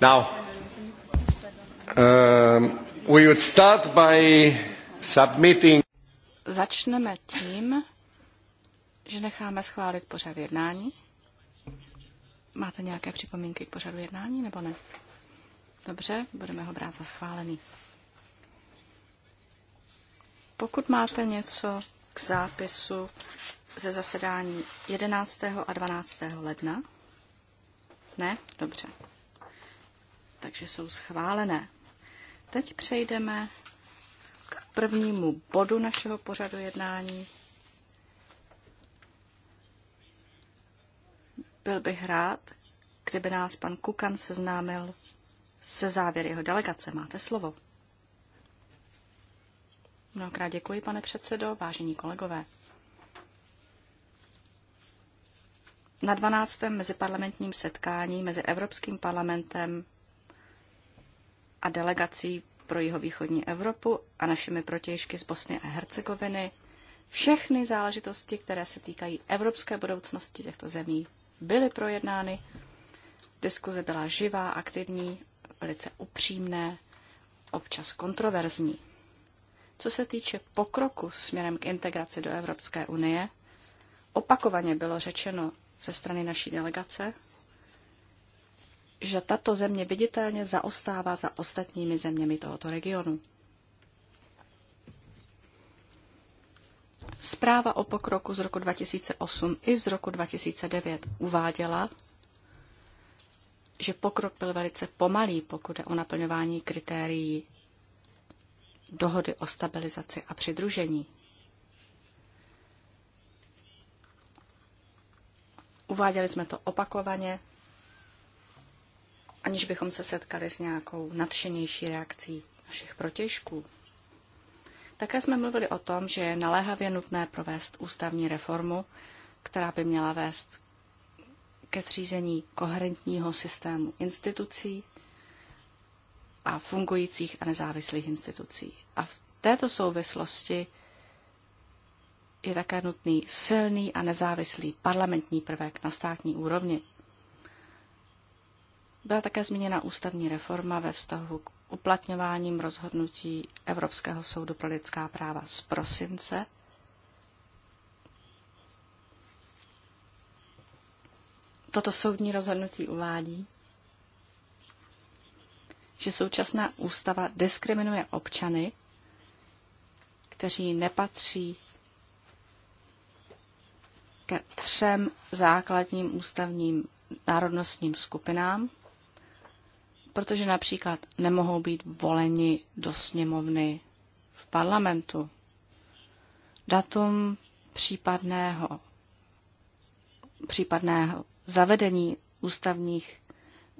Now, um, we would start by submitting... Začneme tím, že necháme schválit pořad jednání. Máte nějaké připomínky k pořadu jednání, nebo ne? Dobře, budeme ho brát za schválený. Pokud máte něco k zápisu ze zasedání 11. a 12. ledna? Ne? Dobře takže jsou schválené. Teď přejdeme k prvnímu bodu našeho pořadu jednání. Byl bych rád, kdyby nás pan Kukan seznámil se závěry jeho delegace. Máte slovo. Mnohokrát děkuji, pane předsedo, vážení kolegové. Na 12. meziparlamentním setkání mezi Evropským parlamentem a delegací pro jihovýchodní Evropu a našimi protějšky z Bosny a Hercegoviny. Všechny záležitosti, které se týkají evropské budoucnosti těchto zemí, byly projednány. Diskuze byla živá, aktivní, velice upřímné, občas kontroverzní. Co se týče pokroku směrem k integraci do Evropské unie, opakovaně bylo řečeno ze strany naší delegace, že tato země viditelně zaostává za ostatními zeměmi tohoto regionu. Zpráva o pokroku z roku 2008 i z roku 2009 uváděla, že pokrok byl velice pomalý, pokud je o naplňování kritérií dohody o stabilizaci a přidružení. Uváděli jsme to opakovaně aniž bychom se setkali s nějakou nadšenější reakcí našich protěžků. Také jsme mluvili o tom, že je naléhavě nutné provést ústavní reformu, která by měla vést ke zřízení koherentního systému institucí a fungujících a nezávislých institucí. A v této souvislosti je také nutný silný a nezávislý parlamentní prvek na státní úrovni. Byla také zmíněna ústavní reforma ve vztahu k uplatňováním rozhodnutí Evropského soudu pro lidská práva z prosince. Toto soudní rozhodnutí uvádí, že současná ústava diskriminuje občany, kteří nepatří ke třem základním ústavním národnostním skupinám, protože například nemohou být voleni do sněmovny v parlamentu. Datum případného, případného zavedení ústavních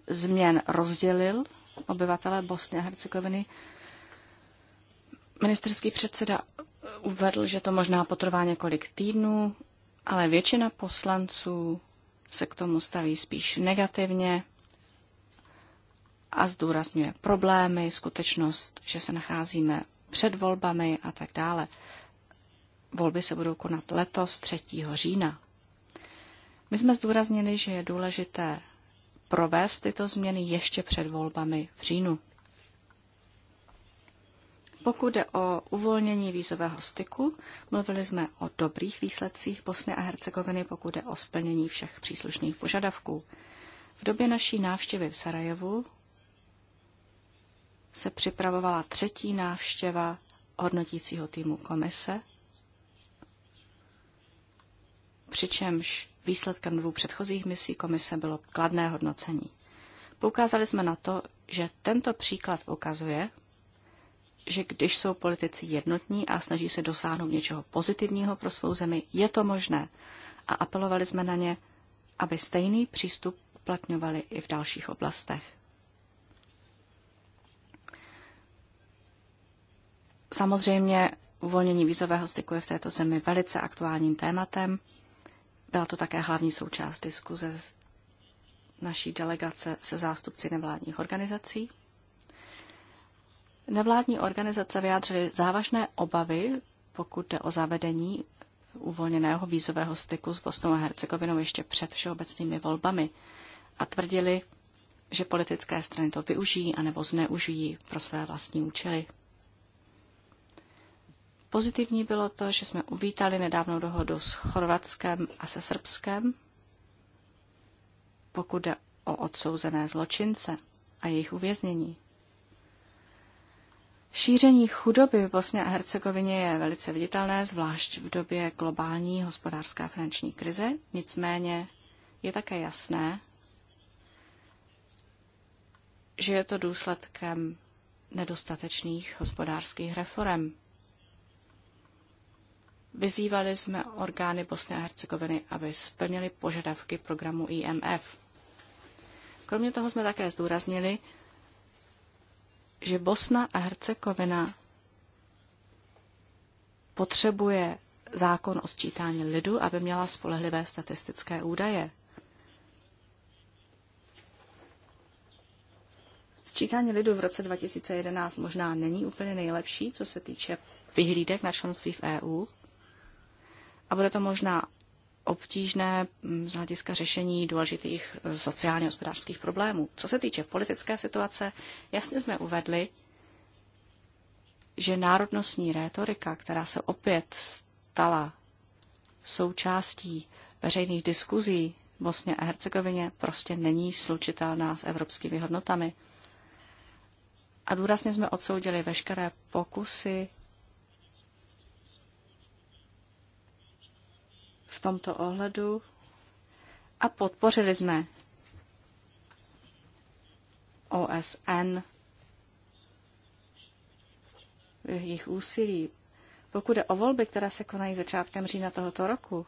změn rozdělil obyvatele Bosny a Hercegoviny. Ministerský předseda uvedl, že to možná potrvá několik týdnů, ale většina poslanců se k tomu staví spíš negativně a zdůrazňuje problémy, skutečnost, že se nacházíme před volbami a tak dále. Volby se budou konat letos 3. října. My jsme zdůraznili, že je důležité provést tyto změny ještě před volbami v říjnu. Pokud jde o uvolnění vízového styku, mluvili jsme o dobrých výsledcích Bosny a Hercegoviny, pokud jde o splnění všech příslušných požadavků. V době naší návštěvy v Sarajevu se připravovala třetí návštěva hodnotícího týmu komise, přičemž výsledkem dvou předchozích misí komise bylo kladné hodnocení. Poukázali jsme na to, že tento příklad ukazuje, že když jsou politici jednotní a snaží se dosáhnout něčeho pozitivního pro svou zemi, je to možné. A apelovali jsme na ně, aby stejný přístup uplatňovali i v dalších oblastech. Samozřejmě uvolnění vízového styku je v této zemi velice aktuálním tématem. Byla to také hlavní součást diskuze naší delegace se zástupci nevládních organizací. Nevládní organizace vyjádřily závažné obavy, pokud jde o zavedení uvolněného vízového styku s Bosnou a Hercegovinou ještě před všeobecnými volbami a tvrdili, že politické strany to využijí anebo zneužijí pro své vlastní účely. Pozitivní bylo to, že jsme uvítali nedávnou dohodu s Chorvatskem a se Srbskem, pokud jde o odsouzené zločince a jejich uvěznění. Šíření chudoby v Bosně a Hercegovině je velice viditelné, zvlášť v době globální hospodářské a finanční krize. Nicméně je také jasné, že je to důsledkem nedostatečných hospodářských reform Vyzývali jsme orgány Bosny a Hercegoviny, aby splnili požadavky programu IMF. Kromě toho jsme také zdůraznili, že Bosna a Hercegovina potřebuje zákon o sčítání lidu, aby měla spolehlivé statistické údaje. Sčítání lidu v roce 2011 možná není úplně nejlepší, co se týče vyhlídek na členství v EU, a bude to možná obtížné mm, z hlediska řešení důležitých eh, sociálně hospodářských problémů. Co se týče politické situace, jasně jsme uvedli, že národnostní rétorika, která se opět stala součástí veřejných diskuzí v Bosně a Hercegovině, prostě není slučitelná s evropskými hodnotami. A důrazně jsme odsoudili veškeré pokusy v tomto ohledu a podpořili jsme OSN v jejich úsilí. Pokud je o volby, které se konají začátkem října tohoto roku,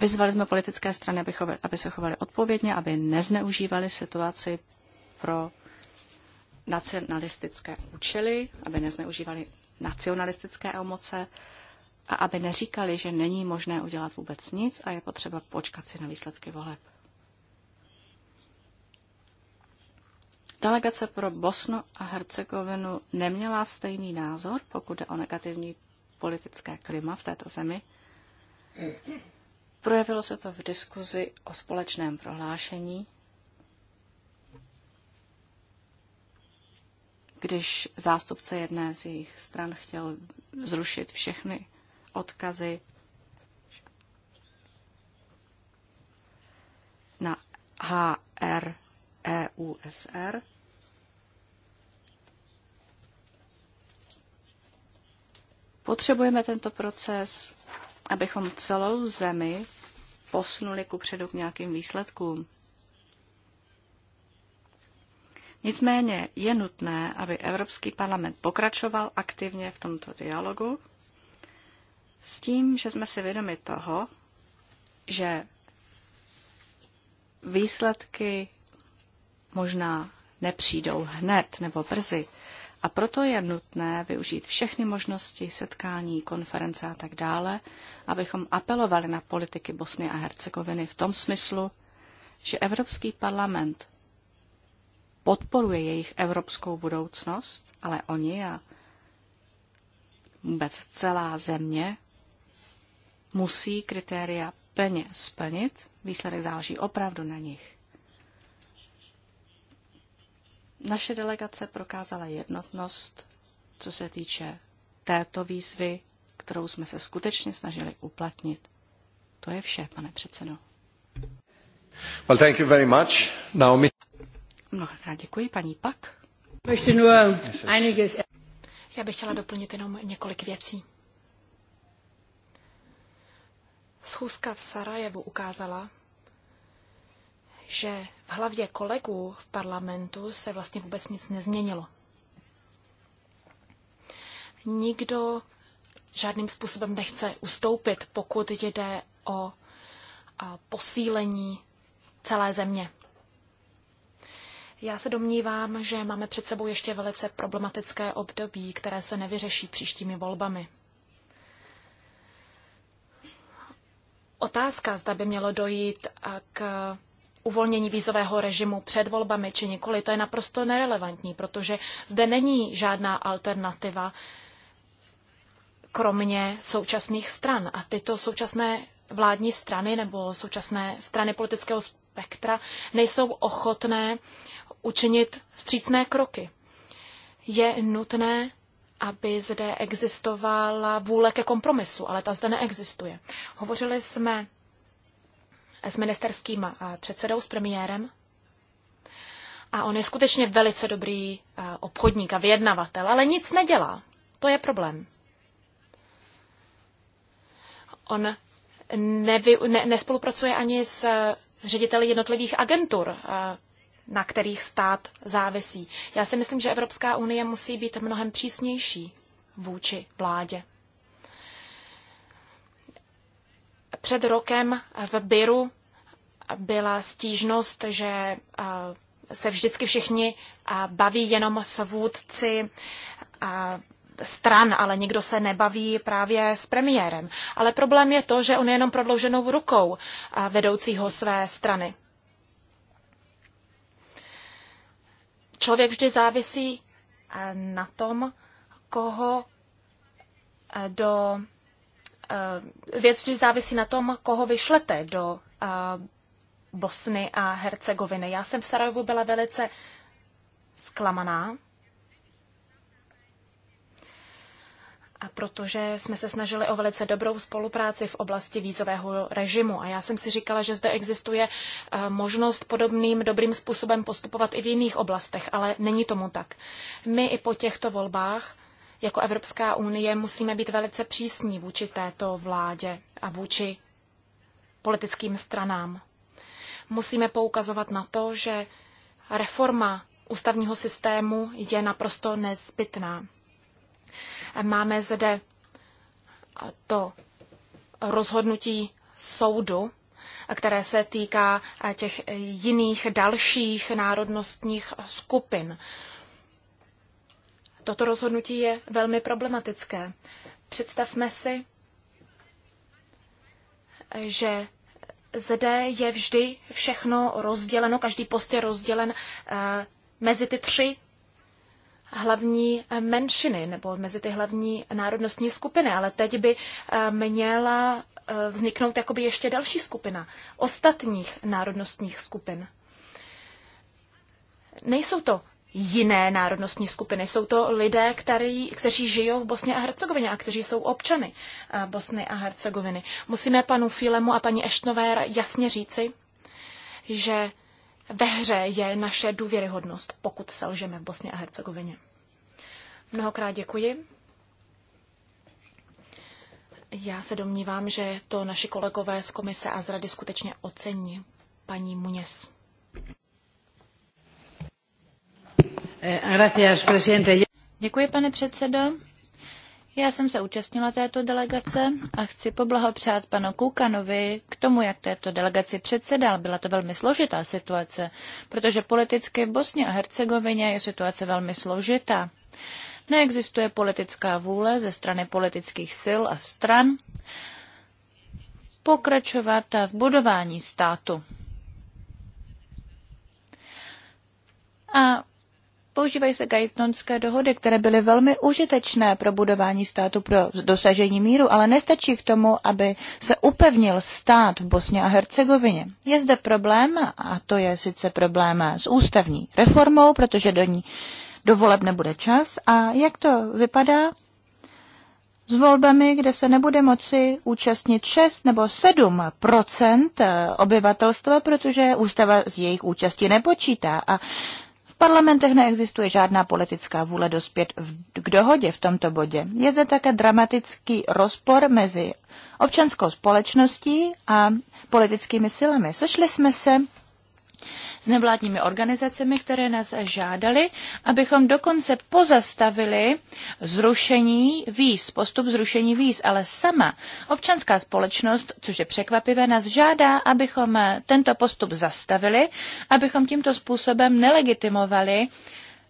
vyzvali jsme politické strany, aby, chovali, aby se chovaly odpovědně, aby nezneužívali situaci pro nacionalistické účely, aby nezneužívali nacionalistické emoce, a aby neříkali, že není možné udělat vůbec nic a je potřeba počkat si na výsledky voleb. Delegace pro Bosnu a Hercegovinu neměla stejný názor, pokud jde o negativní politické klima v této zemi. Projevilo se to v diskuzi o společném prohlášení, když zástupce jedné z jejich stran chtěl zrušit všechny odkazy na HREUSR. E Potřebujeme tento proces, abychom celou zemi posunuli ku předu k nějakým výsledkům. Nicméně je nutné, aby Evropský parlament pokračoval aktivně v tomto dialogu s tím, že jsme si vědomi toho, že výsledky možná nepřijdou hned nebo brzy. A proto je nutné využít všechny možnosti setkání, konference a tak dále, abychom apelovali na politiky Bosny a Hercegoviny v tom smyslu, že Evropský parlament podporuje jejich evropskou budoucnost, ale oni a vůbec celá země musí kritéria plně splnit. Výsledek záleží opravdu na nich. Naše delegace prokázala jednotnost, co se týče této výzvy, kterou jsme se skutečně snažili uplatnit. To je vše, pane předsedo. Well, thank you very much. Naomi. Mnohokrát děkuji, paní Pak. Já bych chtěla doplnit jenom několik věcí. Schůzka v Sarajevu ukázala, že v hlavě kolegů v parlamentu se vlastně vůbec nic nezměnilo. Nikdo žádným způsobem nechce ustoupit, pokud jde o posílení celé země. Já se domnívám, že máme před sebou ještě velice problematické období, které se nevyřeší příštími volbami. otázka, zda by mělo dojít k uvolnění vízového režimu před volbami či nikoli, to je naprosto nerelevantní, protože zde není žádná alternativa kromě současných stran. A tyto současné vládní strany nebo současné strany politického spektra nejsou ochotné učinit vstřícné kroky. Je nutné aby zde existovala vůle ke kompromisu, ale ta zde neexistuje. Hovořili jsme s ministerským eh, předsedou, s premiérem, a on je skutečně velice dobrý eh, obchodník a vyjednavatel, ale nic nedělá. To je problém. On nevy, ne, nespolupracuje ani s eh, řediteli jednotlivých agentur, na kterých stát závisí. Já si myslím, že Evropská unie musí být mnohem přísnější vůči vládě. Před rokem v Biru byla stížnost, že se vždycky všichni baví jenom s vůdci stran, ale nikdo se nebaví právě s premiérem. Ale problém je to, že on je jenom prodlouženou rukou vedoucího své strany. člověk vždy závisí eh, na tom, koho eh, do eh, věc vždy závisí na tom, koho vyšlete do Bosny a Hercegoviny. Já jsem v Sarajevu byla velice zklamaná, a protože jsme se snažili o velice dobrou spolupráci v oblasti vízového režimu. A já jsem si říkala, že zde existuje e, možnost podobným dobrým způsobem postupovat i v jiných oblastech, ale není tomu tak. My i po těchto volbách jako Evropská unie musíme být velice přísní vůči této vládě a vůči politickým stranám. Musíme poukazovat na to, že reforma ústavního systému je naprosto nezbytná. Máme zde to rozhodnutí soudu, které se týká těch jiných dalších národnostních skupin. Toto rozhodnutí je velmi problematické. Představme si, že zde je vždy všechno rozděleno, každý post je rozdělen eh, mezi ty tři hlavní menšiny nebo mezi ty hlavní národnostní skupiny, ale teď by eh, měla eh, vzniknout jakoby ještě další skupina ostatních národnostních skupin. Nejsou to jiné národnostní skupiny. Jsou to lidé, který, kteří žijou v Bosně a Hercegovině a kteří jsou občany eh, Bosny a Hercegoviny. Musíme panu Filemu a paní Eštnové jasně říci, že ve hře je naše důvěryhodnost, pokud selžeme v Bosně a Hercegovině. Mnohokrát děkuji. Já se domnívám, že to naši kolegové z komise a z rady skutečně ocení. Paní Muněs. Eh, děkuji, pane předsedo. Já jsem se účastnila této delegace a chci poblahopřát panu Kukanovi k tomu, jak této delegaci předsedal. Byla to velmi složitá situace, protože politicky v Bosně a Hercegovině je situace velmi složitá. Neexistuje politická vůle ze strany politických sil a stran pokračovat v budování státu. A Používají se Gaittonské dohody, které byly velmi užitečné pro budování státu pro dosažení míru, ale nestačí k tomu, aby se upevnil stát v Bosně a Hercegovině. Je zde problém, a to je sice problém s ústavní reformou, protože do ní do voleb nebude čas. A jak to vypadá s volbami, kde se nebude moci účastnit 6 nebo 7 obyvatelstva, protože ústava z jejich účastí nepočítá. A v parlamentech neexistuje žádná politická vůle dospět v, k dohodě v tomto bodě. Je zde také dramatický rozpor mezi občanskou společností a politickými silami. Sešli jsme se s nevládními organizacemi, které nás žádali, abychom dokonce pozastavili zrušení víz, postup zrušení víz, ale sama občanská společnost, což je překvapivé, nás žádá, abychom tento postup zastavili, abychom tímto způsobem nelegitimovali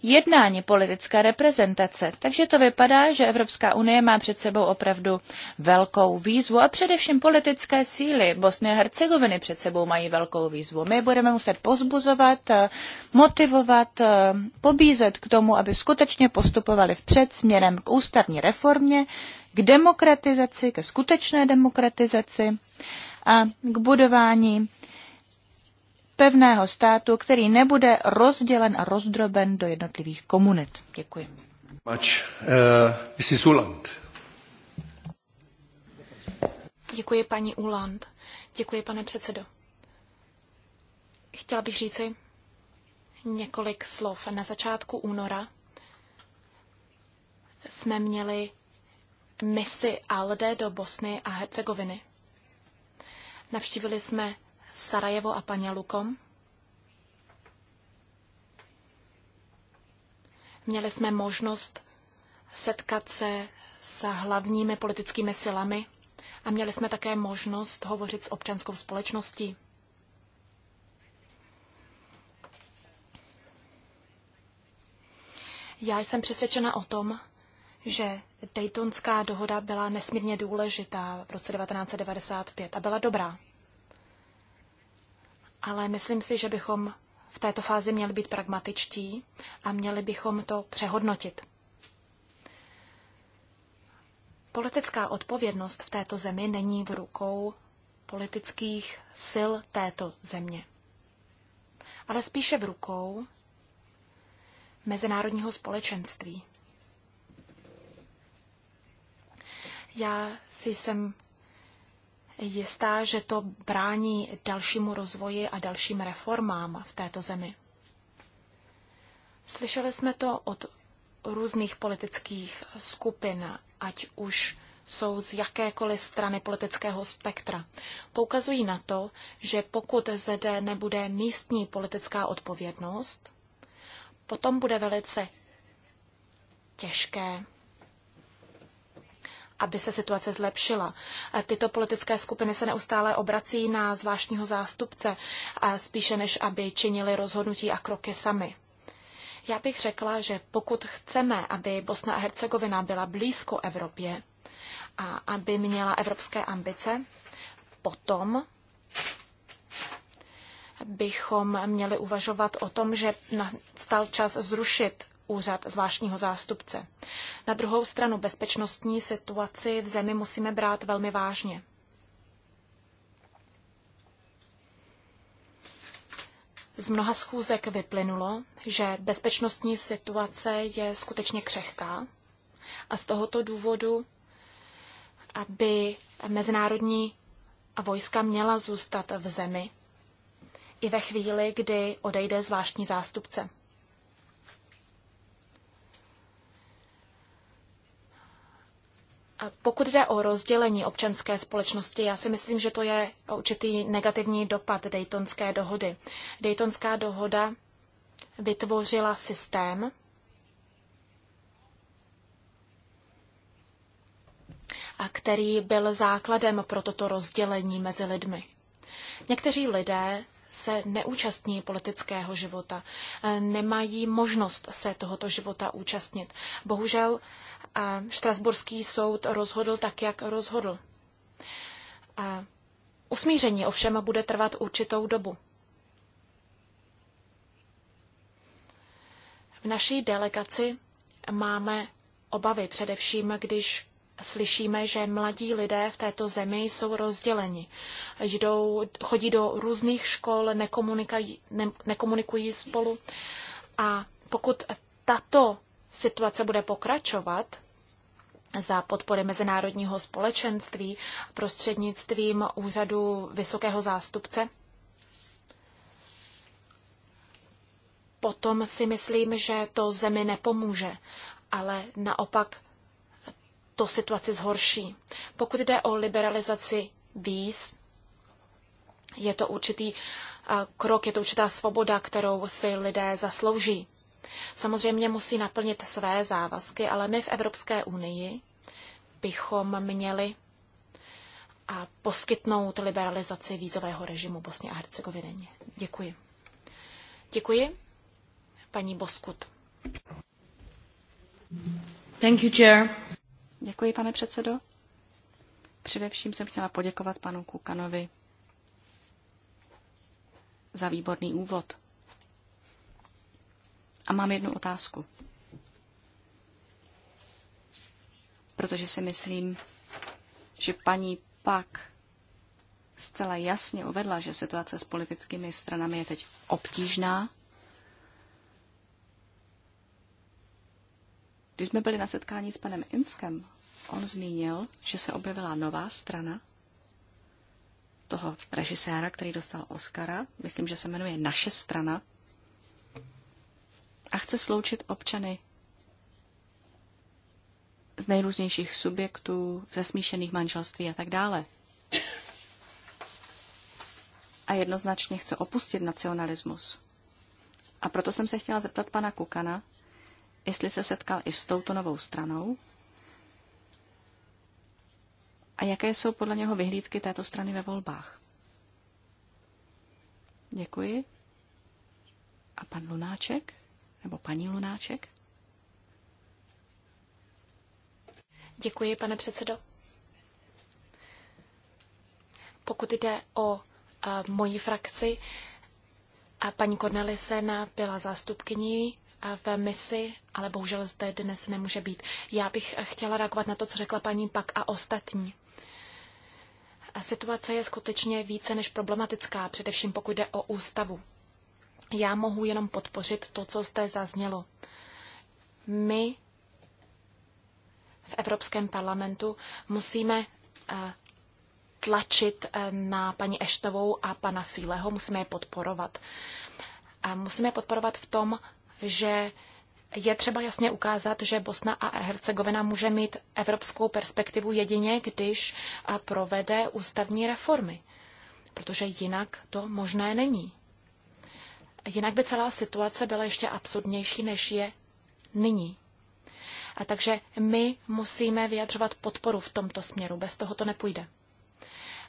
jednání politické reprezentace. Takže to vypadá, že Evropská unie má před sebou opravdu velkou výzvu a především politické síly Bosny a Hercegoviny před sebou mají velkou výzvu. My budeme muset pozbuzovat, motivovat, pobízet k tomu, aby skutečně postupovali vpřed směrem k ústavní reformě, k demokratizaci, ke skutečné demokratizaci a k budování pevného státu, který nebude rozdělen a rozdroben do jednotlivých komunit. Děkuji. Much, uh, Uland. Děkuji, paní Uland. Děkuji, pane předsedo. Chtěla bych říci několik slov. Na začátku února jsme měli misi ALDE do Bosny a Hercegoviny. Navštívili jsme Sarajevo a paní Lukom. Měli jsme možnost setkat se s hlavními politickými silami a měli jsme také možnost hovořit s občanskou společností. Já jsem přesvědčena o tom, že Daytonská dohoda byla nesmírně důležitá v roce 1995 a byla dobrá ale myslím si, že bychom v této fázi měli být pragmatičtí a měli bychom to přehodnotit. Politická odpovědnost v této zemi není v rukou politických sil této země, ale spíše v rukou mezinárodního společenství. Já si jsem jistá, že to brání dalšímu rozvoji a dalším reformám v této zemi. Slyšeli jsme to od různých politických skupin, ať už jsou z jakékoliv strany politického spektra. Poukazují na to, že pokud zde nebude místní politická odpovědnost, potom bude velice těžké aby se situace zlepšila. Tyto politické skupiny se neustále obrací na zvláštního zástupce, spíše než aby činili rozhodnutí a kroky sami. Já bych řekla, že pokud chceme, aby Bosna a Hercegovina byla blízko Evropě a aby měla evropské ambice, potom bychom měli uvažovat o tom, že nastal čas zrušit úřad zvláštního zástupce. Na druhou stranu bezpečnostní situaci v zemi musíme brát velmi vážně. Z mnoha schůzek vyplynulo, že bezpečnostní situace je skutečně křehká a z tohoto důvodu, aby mezinárodní vojska měla zůstat v zemi i ve chvíli, kdy odejde zvláštní zástupce. Pokud jde o rozdělení občanské společnosti, já si myslím, že to je určitý negativní dopad Daytonské dohody. Daytonská dohoda vytvořila systém, a který byl základem pro toto rozdělení mezi lidmi. Někteří lidé se neúčastní politického života, nemají možnost se tohoto života účastnit. Bohužel Štrasburský soud rozhodl tak, jak rozhodl. Usmíření ovšem bude trvat určitou dobu. V naší delegaci máme obavy, především když slyšíme, že mladí lidé v této zemi jsou rozděleni. Jdou, chodí do různých škol, nekomunikují, ne, nekomunikují spolu. A pokud tato situace bude pokračovat, za podpory mezinárodního společenství prostřednictvím úřadu vysokého zástupce. Potom si myslím, že to zemi nepomůže, ale naopak to situaci zhorší. Pokud jde o liberalizaci víz, je to určitý eh, krok, je to určitá svoboda, kterou si lidé zaslouží. Samozřejmě musí naplnit své závazky, ale my v Evropské unii bychom měli a poskytnout liberalizaci vízového režimu Bosně a Hercegovině. Děkuji. Děkuji. Paní Boskut. Thank you, Chair. Děkuji, pane předsedo. Především jsem chtěla poděkovat panu Kukanovi za výborný úvod. A mám jednu otázku. Protože si myslím, že paní Pak zcela jasně uvedla, že situace s politickými stranami je teď obtížná. Když jsme byli na setkání s panem Inskem, on zmínil, že se objevila nová strana toho režiséra, který dostal Oscara. Myslím, že se jmenuje Naše strana a chce sloučit občany z nejrůznějších subjektů, ze smíšených manželství a tak dále. A jednoznačně chce opustit nacionalismus. A proto jsem se chtěla zeptat pana Kukana, jestli se setkal i s touto novou stranou a jaké jsou podle něho vyhlídky této strany ve volbách. Děkuji. A pan Lunáček? Nebo paní Lunáček? Děkuji, pane předsedo. Pokud jde o a, moji frakci, a paní Cornelisena byla zástupkyní v misi, ale bohužel zde dnes nemůže být. Já bych chtěla reagovat na to, co řekla paní Pak a ostatní. A situace je skutečně více než problematická, především pokud jde o ústavu. Já mohu jenom podpořit to, co zde zaznělo. My v Evropském parlamentu musíme eh, tlačit eh, na paní Eštovou a pana Fíleho, musíme je podporovat. A musíme je podporovat v tom, že je třeba jasně ukázat, že Bosna a Hercegovina může mít evropskou perspektivu jedině, když eh, provede ústavní reformy, protože jinak to možné není. Jinak by celá situace byla ještě absurdnější, než je nyní. A takže my musíme vyjadřovat podporu v tomto směru. Bez toho to nepůjde.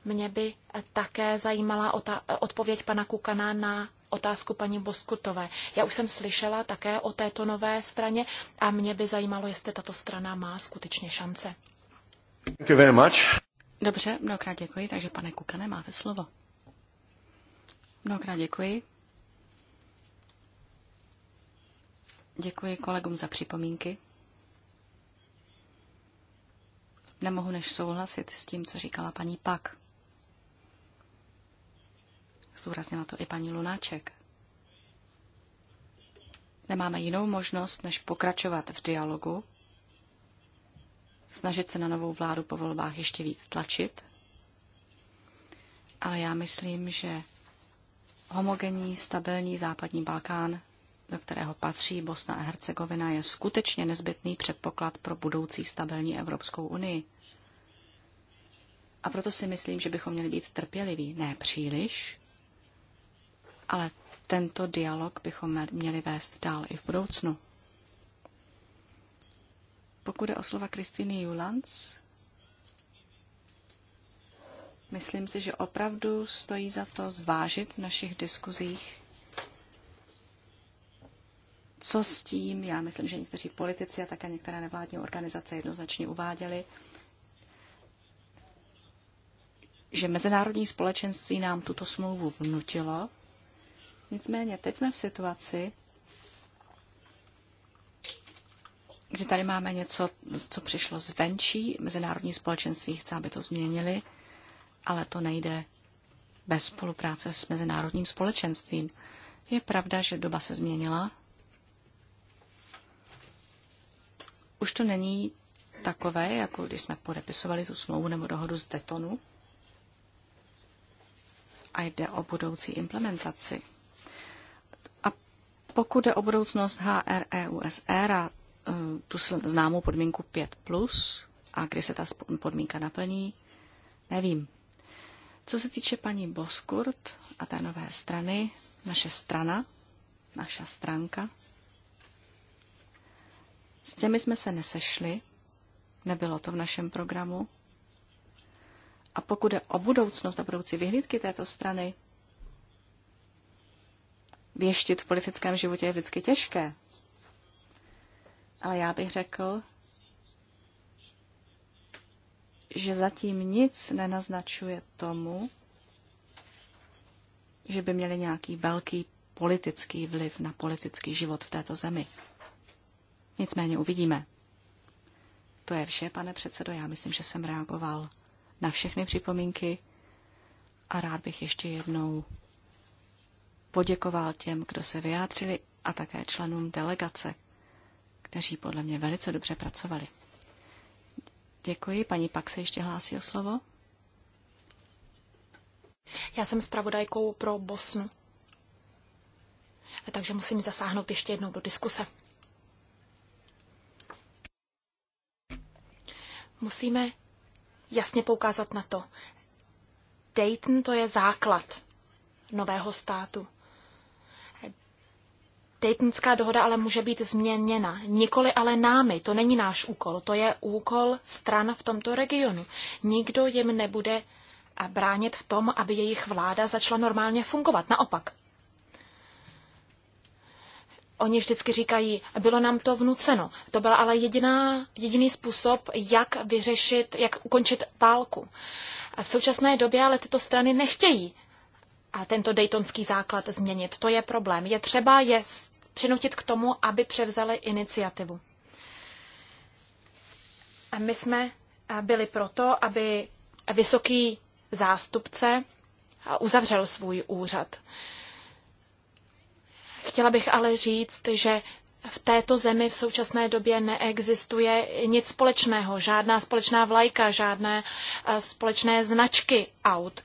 Mě by také zajímala odpověď pana Kukana na otázku paní Boskutové. Já už jsem slyšela také o této nové straně a mě by zajímalo, jestli tato strana má skutečně šance. Thank you very much. Dobře, mnohokrát děkuji, takže pane Kukane, máte slovo. Mnohokrát děkuji. Děkuji kolegům za připomínky. Nemohu než souhlasit s tím, co říkala paní Pak. Zdůraznila to i paní Lunáček. Nemáme jinou možnost, než pokračovat v dialogu, snažit se na novou vládu po volbách ještě víc tlačit, ale já myslím, že homogenní, stabilní západní Balkán do kterého patří Bosna a Hercegovina, je skutečně nezbytný předpoklad pro budoucí stabilní Evropskou unii. A proto si myslím, že bychom měli být trpěliví. Ne příliš, ale tento dialog bychom měli vést dál i v budoucnu. Pokud je o slova Kristýny Julans, myslím si, že opravdu stojí za to zvážit v našich diskuzích co s tím, já myslím, že někteří politici a také některé nevládní organizace jednoznačně uváděli, že mezinárodní společenství nám tuto smlouvu vnutilo. Nicméně teď jsme v situaci, kdy tady máme něco, co přišlo zvenčí, mezinárodní společenství chce, aby to změnili, ale to nejde bez spolupráce s mezinárodním společenstvím. Je pravda, že doba se změnila, už to není takové, jako když jsme podepisovali tu smlouvu nebo dohodu z Detonu. A jde o budoucí implementaci. A pokud jde o budoucnost HREUSR e e, a eh, tu známou podmínku 5+, a kdy se ta podmínka naplní, nevím. Co se týče paní Boskurt a té nové strany, naše strana, naša stránka, s těmi jsme se nesešli, nebylo to v našem programu. A pokud je o budoucnost a budoucí vyhlídky této strany, věštit v politickém životě je vždycky těžké. Ale já bych řekl, že zatím nic nenaznačuje tomu, že by měli nějaký velký politický vliv na politický život v této zemi. Nicméně uvidíme. To je vše, pane předsedo. Já myslím, že jsem reagoval na všechny připomínky a rád bych ještě jednou poděkoval těm, kdo se vyjádřili a také členům delegace, kteří podle mě velice dobře pracovali. Děkuji. Paní Pak se ještě hlásí o slovo. Já jsem zpravodajkou pro Bosnu, takže musím zasáhnout ještě jednou do diskuse. Musíme jasně poukázat na to. Dayton to je základ nového státu. Daytonská dohoda ale může být změněna. Nikoli ale námi, to není náš úkol, to je úkol stran v tomto regionu. Nikdo jim nebude bránit v tom, aby jejich vláda začala normálně fungovat. Naopak, Oni vždycky říkají, bylo nám to vnuceno. To byl ale jediná, jediný způsob, jak vyřešit, jak ukončit válku. A v současné době ale tyto strany nechtějí a tento daytonský základ změnit. To je problém. Je třeba je přinutit k tomu, aby převzali iniciativu. A my jsme byli proto, aby vysoký zástupce uzavřel svůj úřad. Chtěla bych ale říct, že v této zemi v současné době neexistuje nic společného, žádná společná vlajka, žádné eh, společné značky aut.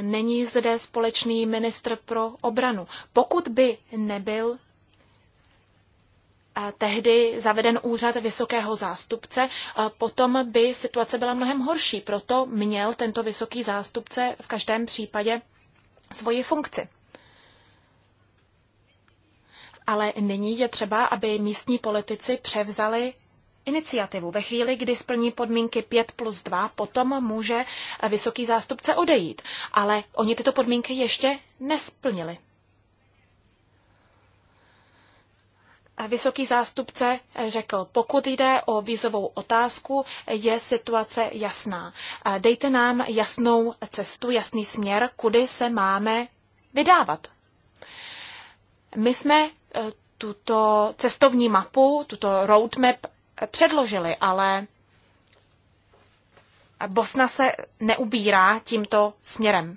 Není zde společný ministr pro obranu. Pokud by nebyl eh, tehdy zaveden úřad vysokého zástupce, eh, potom by situace byla mnohem horší. Proto měl tento vysoký zástupce v každém případě svoji funkci ale nyní je třeba, aby místní politici převzali iniciativu. Ve chvíli, kdy splní podmínky 5 plus 2, potom může vysoký zástupce odejít. Ale oni tyto podmínky ještě nesplnili. Vysoký zástupce řekl, pokud jde o vízovou otázku, je situace jasná. Dejte nám jasnou cestu, jasný směr, kudy se máme vydávat my jsme eh, tuto cestovní mapu, tuto roadmap eh, předložili, ale Bosna se neubírá tímto směrem.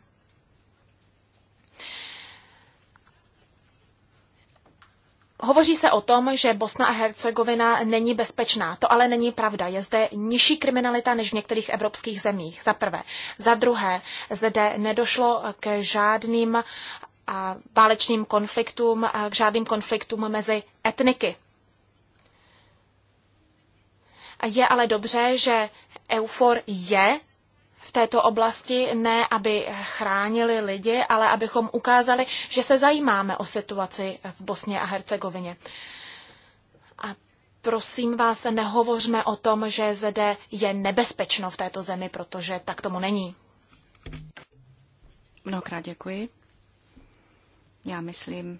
Hovoří se o tom, že Bosna a Hercegovina není bezpečná. To ale není pravda. Je zde nižší kriminalita než v některých evropských zemích, za prvé. Za druhé, zde nedošlo k žádným válečným konfliktům, k žádným konfliktům mezi etniky. Je ale dobře, že EUFOR je v této oblasti, ne aby chránili lidi, ale abychom ukázali, že se zajímáme o situaci v Bosně a Hercegovině. A prosím vás, nehovořme o tom, že zde je nebezpečno v této zemi, protože tak tomu není. Mnohokrát děkuji. Já myslím,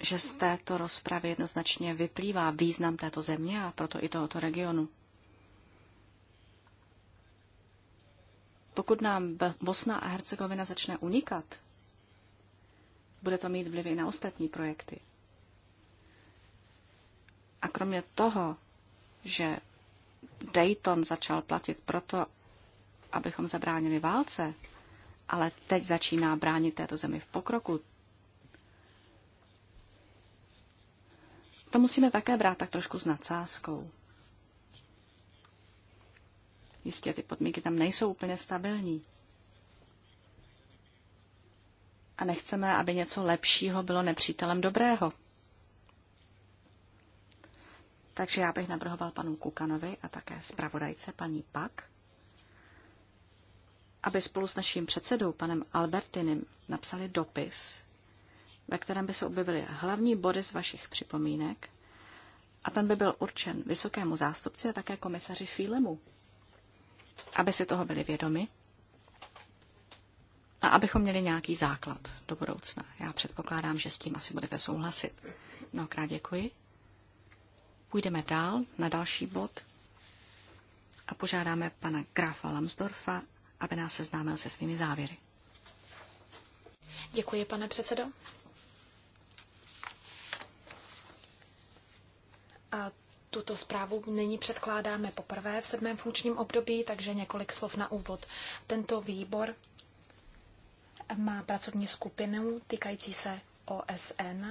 že z této rozpravy jednoznačně vyplývá význam této země a proto i tohoto regionu. Pokud nám Bosna a Hercegovina začne unikat, bude to mít vlivy i na ostatní projekty. A kromě toho, že Dayton začal platit proto, abychom zabránili válce, ale teď začíná bránit této zemi v pokroku. To musíme také brát tak trošku s nadsázkou. Jistě ty podmínky tam nejsou úplně stabilní. A nechceme, aby něco lepšího bylo nepřítelem dobrého. Takže já bych navrhoval panu Kukanovi a také zpravodajce paní Pak, aby spolu s naším předsedou, panem Albertinem, napsali dopis, ve kterém by se objevily hlavní body z vašich připomínek a ten by byl určen vysokému zástupci a také komisaři Fílemu, aby si toho byli vědomi a abychom měli nějaký základ do budoucna. Já předpokládám, že s tím asi budete souhlasit. Mnohokrát děkuji. Půjdeme dál na další bod a požádáme pana Grafa Lambsdorfa, aby nás seznámil se svými závěry. Děkuji, pane předsedo. A tuto zprávu nyní předkládáme poprvé v sedmém funkčním období, takže několik slov na úvod. Tento výbor má pracovní skupinu týkající se OSN.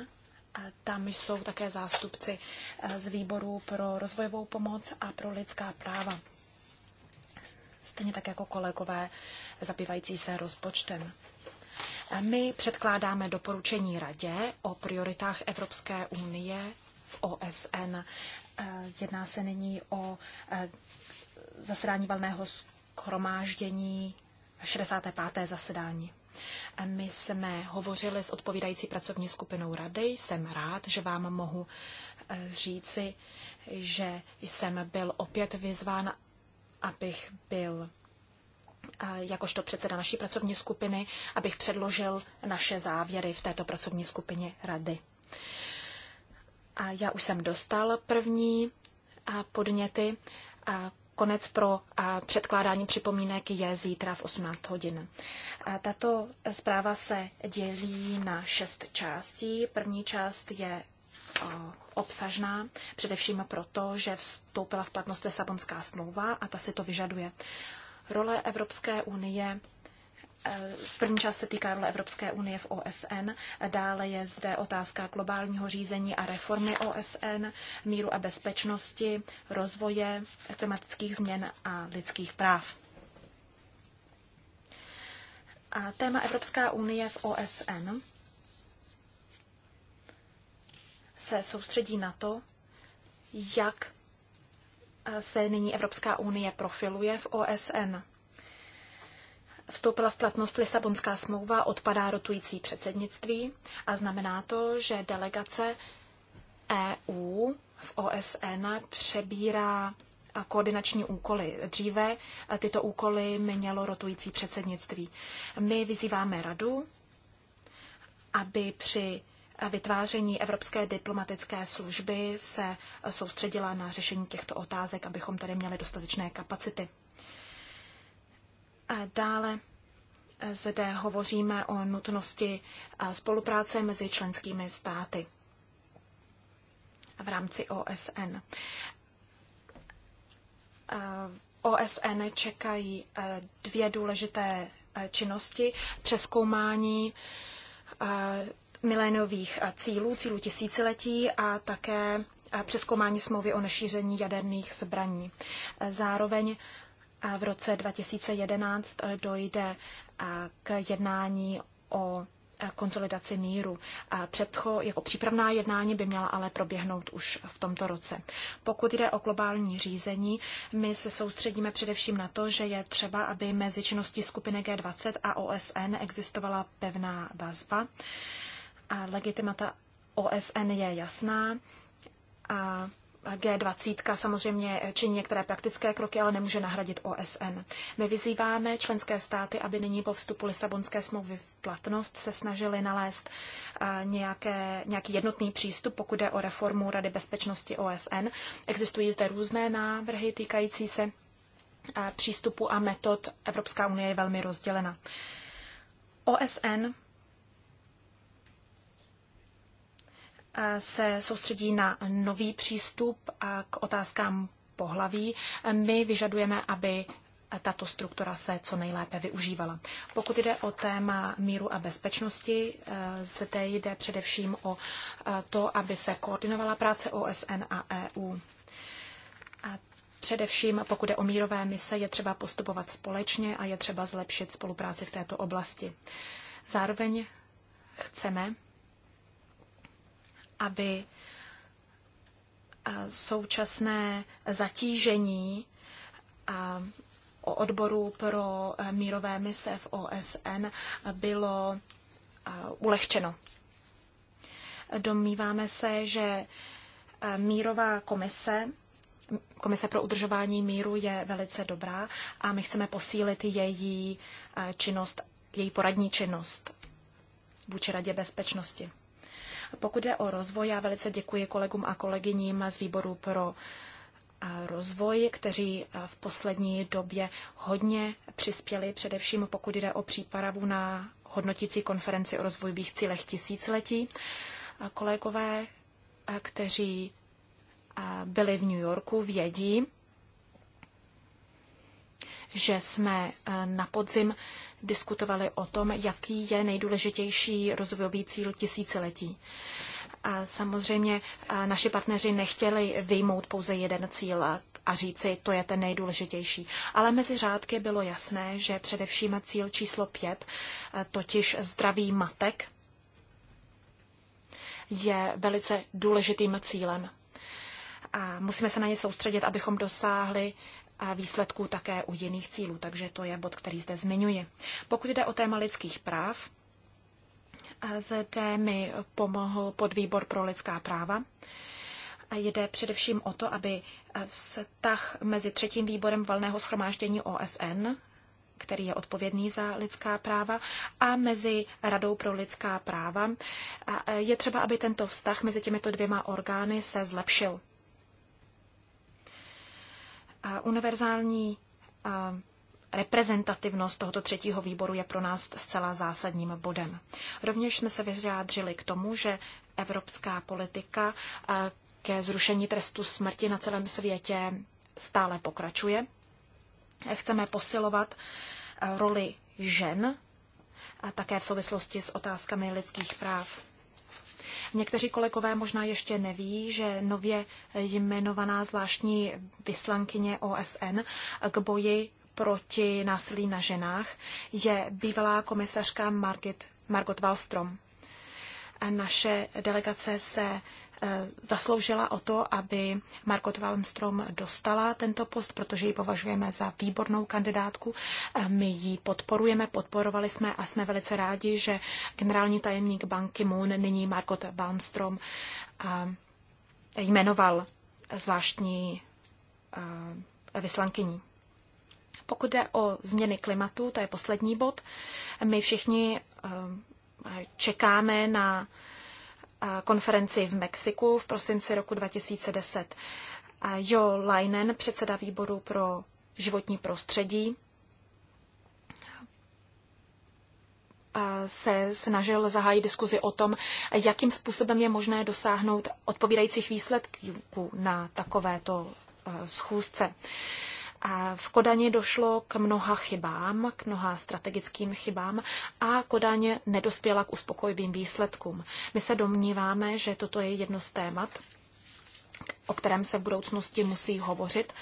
A tam jsou také zástupci eh, z výboru pro rozvojovou pomoc a pro lidská práva stejně tak jako kolegové zabývající se rozpočtem. My předkládáme doporučení radě o prioritách Evropské unie v OSN. Jedná se nyní o zasedání valného schromáždění 65. zasedání. My jsme hovořili s odpovídající pracovní skupinou rady. Jsem rád, že vám mohu říci, že jsem byl opět vyzván, abych byl jakožto předseda naší pracovní skupiny, abych předložil naše závěry v této pracovní skupině rady. A já už jsem dostal první podněty. A konec pro předkládání připomínek je zítra v 18 hodin. A tato zpráva se dělí na šest částí. První část je obsažná, především proto, že vstoupila v platnost Lisabonská smlouva a ta si to vyžaduje. Role Evropské unie eh, v první čas se týká role Evropské unie v OSN, dále je zde otázka globálního řízení a reformy OSN, míru a bezpečnosti, rozvoje, klimatických změn a lidských práv. A téma Evropská unie v OSN se soustředí na to, jak eh, se nyní Evropská unie profiluje v OSN. Vstoupila v platnost Lisabonská smlouva, odpadá rotující předsednictví a znamená to, že delegace EU v OSN přebírá eh, koordinační úkoly. Dříve eh, tyto úkoly mělo rotující předsednictví. My vyzýváme radu, aby při vytváření Evropské diplomatické služby se soustředila na řešení těchto otázek, abychom tady měli dostatečné kapacity. A dále zde hovoříme o nutnosti spolupráce mezi členskými státy v rámci OSN. OSN čekají dvě důležité činnosti. Přeskoumání milénových eh, cílů, cílů tisíciletí a také eh, přeskoumání smlouvy o nešíření jaderných zbraní. Eh, zároveň v roce 2011 dojde k jednání o konsolidaci míru. Předcho, jako přípravná jednání by měla ale proběhnout už v tomto roce. Pokud jde o globální řízení, my se soustředíme především na to, že je třeba, aby mezi činností skupiny G20 a OSN existovala pevná vazba. A legitimata OSN je jasná. A G20 samozřejmě činí některé praktické kroky, ale nemůže nahradit OSN. My vyzýváme členské státy, aby nyní po vstupu Lisabonské smlouvy v platnost se snažili nalézt nějaké, nějaký jednotný přístup, pokud jde o reformu Rady bezpečnosti OSN. Existují zde různé návrhy týkající se přístupu a metod. Evropská unie je velmi rozdělena. OSN se soustředí na nový přístup k otázkám pohlaví. My vyžadujeme, aby tato struktura se co nejlépe využívala. Pokud jde o téma míru a bezpečnosti, eh, zde jde především o eh, to, aby se koordinovala práce OSN a EU. především pokud jde o mírové mise, je třeba postupovat společně a je třeba zlepšit spolupráci v této oblasti. Zároveň chceme, aby eh, současné zatížení eh, o odboru pro eh, mírové mise v OSN bylo ulehčeno. Domníváme se, že mírová komise, komise pro udržování míru je velice dobrá a my chceme posílit její činnost, její poradní činnost vůči Radě bezpečnosti. Pokud jde o rozvoj, já velice děkuji kolegům a kolegyním z výboru pro eh, rozvoj, kteří eh, v poslední době hodně přispěli, především pokud jde o přípravu na hodnotící konferenci o rozvojových cílech tisíciletí. Kolegové, eh, kteří byli v New Yorku, vědí, že jsme na podzim diskutovali o tom, jaký je nejdůležitější rozvojový cíl tisíciletí. A samozřejmě naši partneři nechtěli vyjmout pouze jeden cíl a říci, to je ten nejdůležitější. Ale mezi řádky bylo jasné, že především cíl číslo pět, totiž zdravý matek, je velice důležitým cílem. A musíme se na ně soustředit, abychom dosáhli a výsledků také u jiných cílů, takže to je bod, který zde zmiňuji. Pokud jde o téma lidských práv, zde mi pomohl podvýbor pro lidská práva. Jde především o to, aby vztah mezi třetím výborem valného schromáždění OSN, který je odpovědný za lidská práva, a mezi Radou pro lidská práva. Je třeba, aby tento vztah mezi těmito dvěma orgány se zlepšil univerzální reprezentativnost tohoto třetího výboru je pro nás zcela zásadním bodem. Rovněž jsme se vyřádřili k tomu, že evropská politika ke zrušení trestu smrti na celém světě stále pokračuje. Chceme posilovat roli žen, a také v souvislosti s otázkami lidských práv. Někteří kolegové možná ještě neví, že nově jmenovaná zvláštní vyslankyně OSN k boji proti násilí na ženách je bývalá komisařka Margit, Margot Wallström. Naše delegace se Eh, zasloužila o to, aby Margot Wallström dostala tento post, protože ji považujeme za výbornou kandidátku. Eh, my ji podporujeme, podporovali jsme a jsme velice rádi, že generální tajemník banky Moon nyní Margot Wallström eh, jmenoval zvláštní vyslankyní. Pokud jde o změny klimatu, to je poslední bod, my všichni čekáme na konferenci v Mexiku v prosinci roku 2010. Jo Leinen, předseda výboru pro životní prostředí, se snažil zahájit diskuzi o tom, jakým způsobem je možné dosáhnout odpovídajících výsledků na takovéto e, schůzce. V Kodani došlo k mnoha chybám, k mnoha strategickým chybám a Kodaň nedospěla k uspokojivým výsledkům. My se domníváme, že toto je jedno z témat, o kterém se v budoucnosti musí hovořit.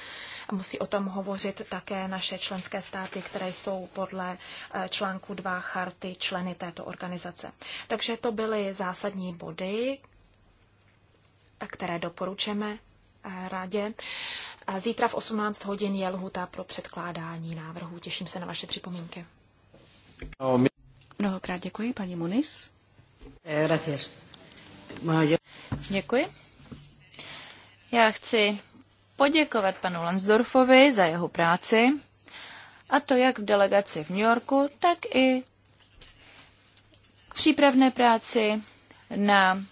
Musí o tom hovořit také naše členské státy, které jsou podle eh, článku 2 charty členy této organizace. Takže to byly zásadní body, které doporučeme eh, rádě. A Zítra v 18 hodin je lhuta pro předkládání návrhu. Těším se na vaše připomínky. Mnohokrát děkuji, paní Muniz. Eh, děkuji. Já chci poděkovat panu Lansdorfovi za jeho práci, a to jak v delegaci v New Yorku, tak i v přípravné práci na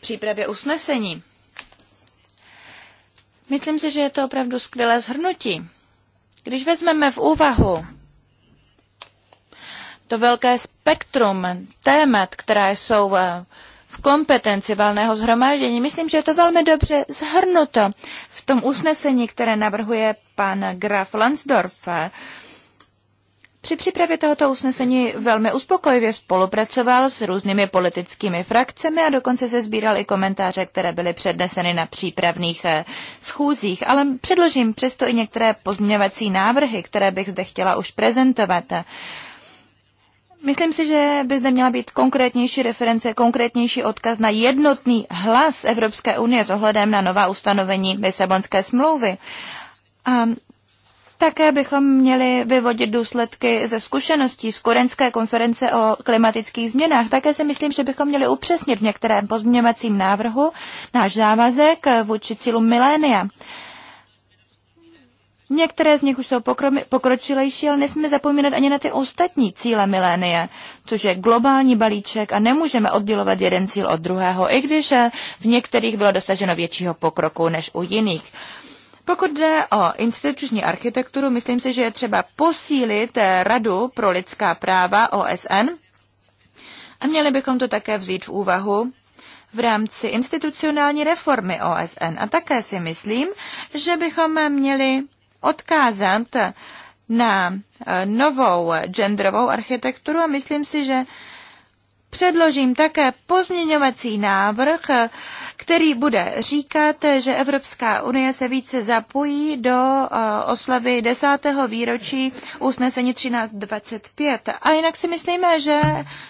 přípravě usnesení. Myslím si, že je to opravdu skvělé zhrnutí. Když vezmeme v úvahu to velké spektrum témat, která jsou eh, v kompetenci valného zhromáždění, myslím, že je to velmi dobře zhrnuto v tom usnesení, které navrhuje pan Graf Lansdorf. Při přípravě tohoto usnesení velmi uspokojivě spolupracoval s různými politickými frakcemi a dokonce se sbíral i komentáře, které byly předneseny na přípravných eh, schůzích, ale předložím přesto i některé pozměňovací návrhy, které bych zde chtěla už prezentovat. Myslím si, že by zde měla být konkrétnější reference, konkrétnější odkaz na jednotný hlas Evropské unie s ohledem na nová ustanovení Lisabonské smlouvy. A také bychom měli vyvodit důsledky ze zkušeností z Kurenské konference o klimatických změnách. Také si myslím, že bychom měli upřesnit v některém pozměňovacím návrhu náš závazek vůči cílům milénia. Některé z nich už jsou pokročilejší, ale nesmíme zapomínat ani na ty ostatní cíle milénie, což je globální balíček a nemůžeme oddělovat jeden cíl od druhého, i když v některých bylo dosaženo většího pokroku než u jiných. Pokud jde o instituční architekturu, myslím si, že je třeba posílit eh, Radu pro lidská práva OSN a měli bychom to také vzít v úvahu v rámci institucionální reformy OSN. A také si myslím, že bychom měli odkázat na eh, novou genderovou architekturu a myslím si, že předložím také pozměňovací návrh, který bude říkat, že Evropská unie se více zapojí do eh, oslavy desátého výročí usnesení 1325. A jinak si myslíme, že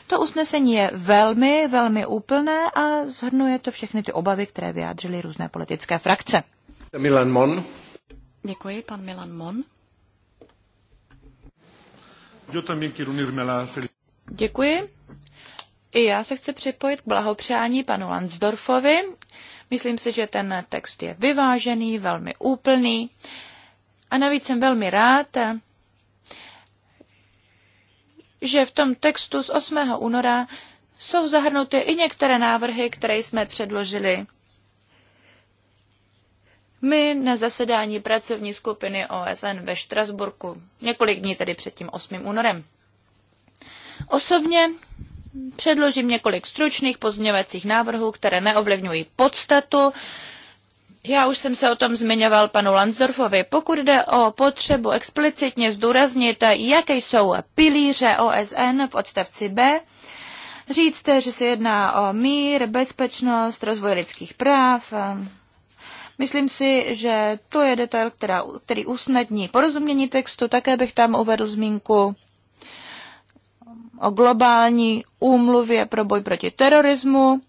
to usnesení je velmi, velmi úplné a zhrnuje to všechny ty obavy, které vyjádřily různé politické frakce. Milan Mon. Děkuji, pan Milan Mon. Děkuji. I já se chci připojit k blahopřání panu Landsdorfovi. Myslím si, že ten text je vyvážený, velmi úplný. A navíc jsem velmi rád, že v tom textu z 8. února jsou zahrnuty i některé návrhy, které jsme předložili my na zasedání pracovní skupiny OSN ve Štrasburku, několik dní tedy před tím 8. únorem. Osobně předložím několik stručných pozměňovacích návrhů, které neovlivňují podstatu. Já už jsem se o tom zmiňoval panu Lansdorfovi. Pokud jde o potřebu explicitně zdůraznit, jaké jsou pilíře OSN v odstavci B, říct, že se jedná o mír, bezpečnost, rozvoj lidských práv. Myslím si, že to je detail, která, který usnadní porozumění textu. Také bych tam uvedl zmínku o globální úmluvě pro boj proti terorismu,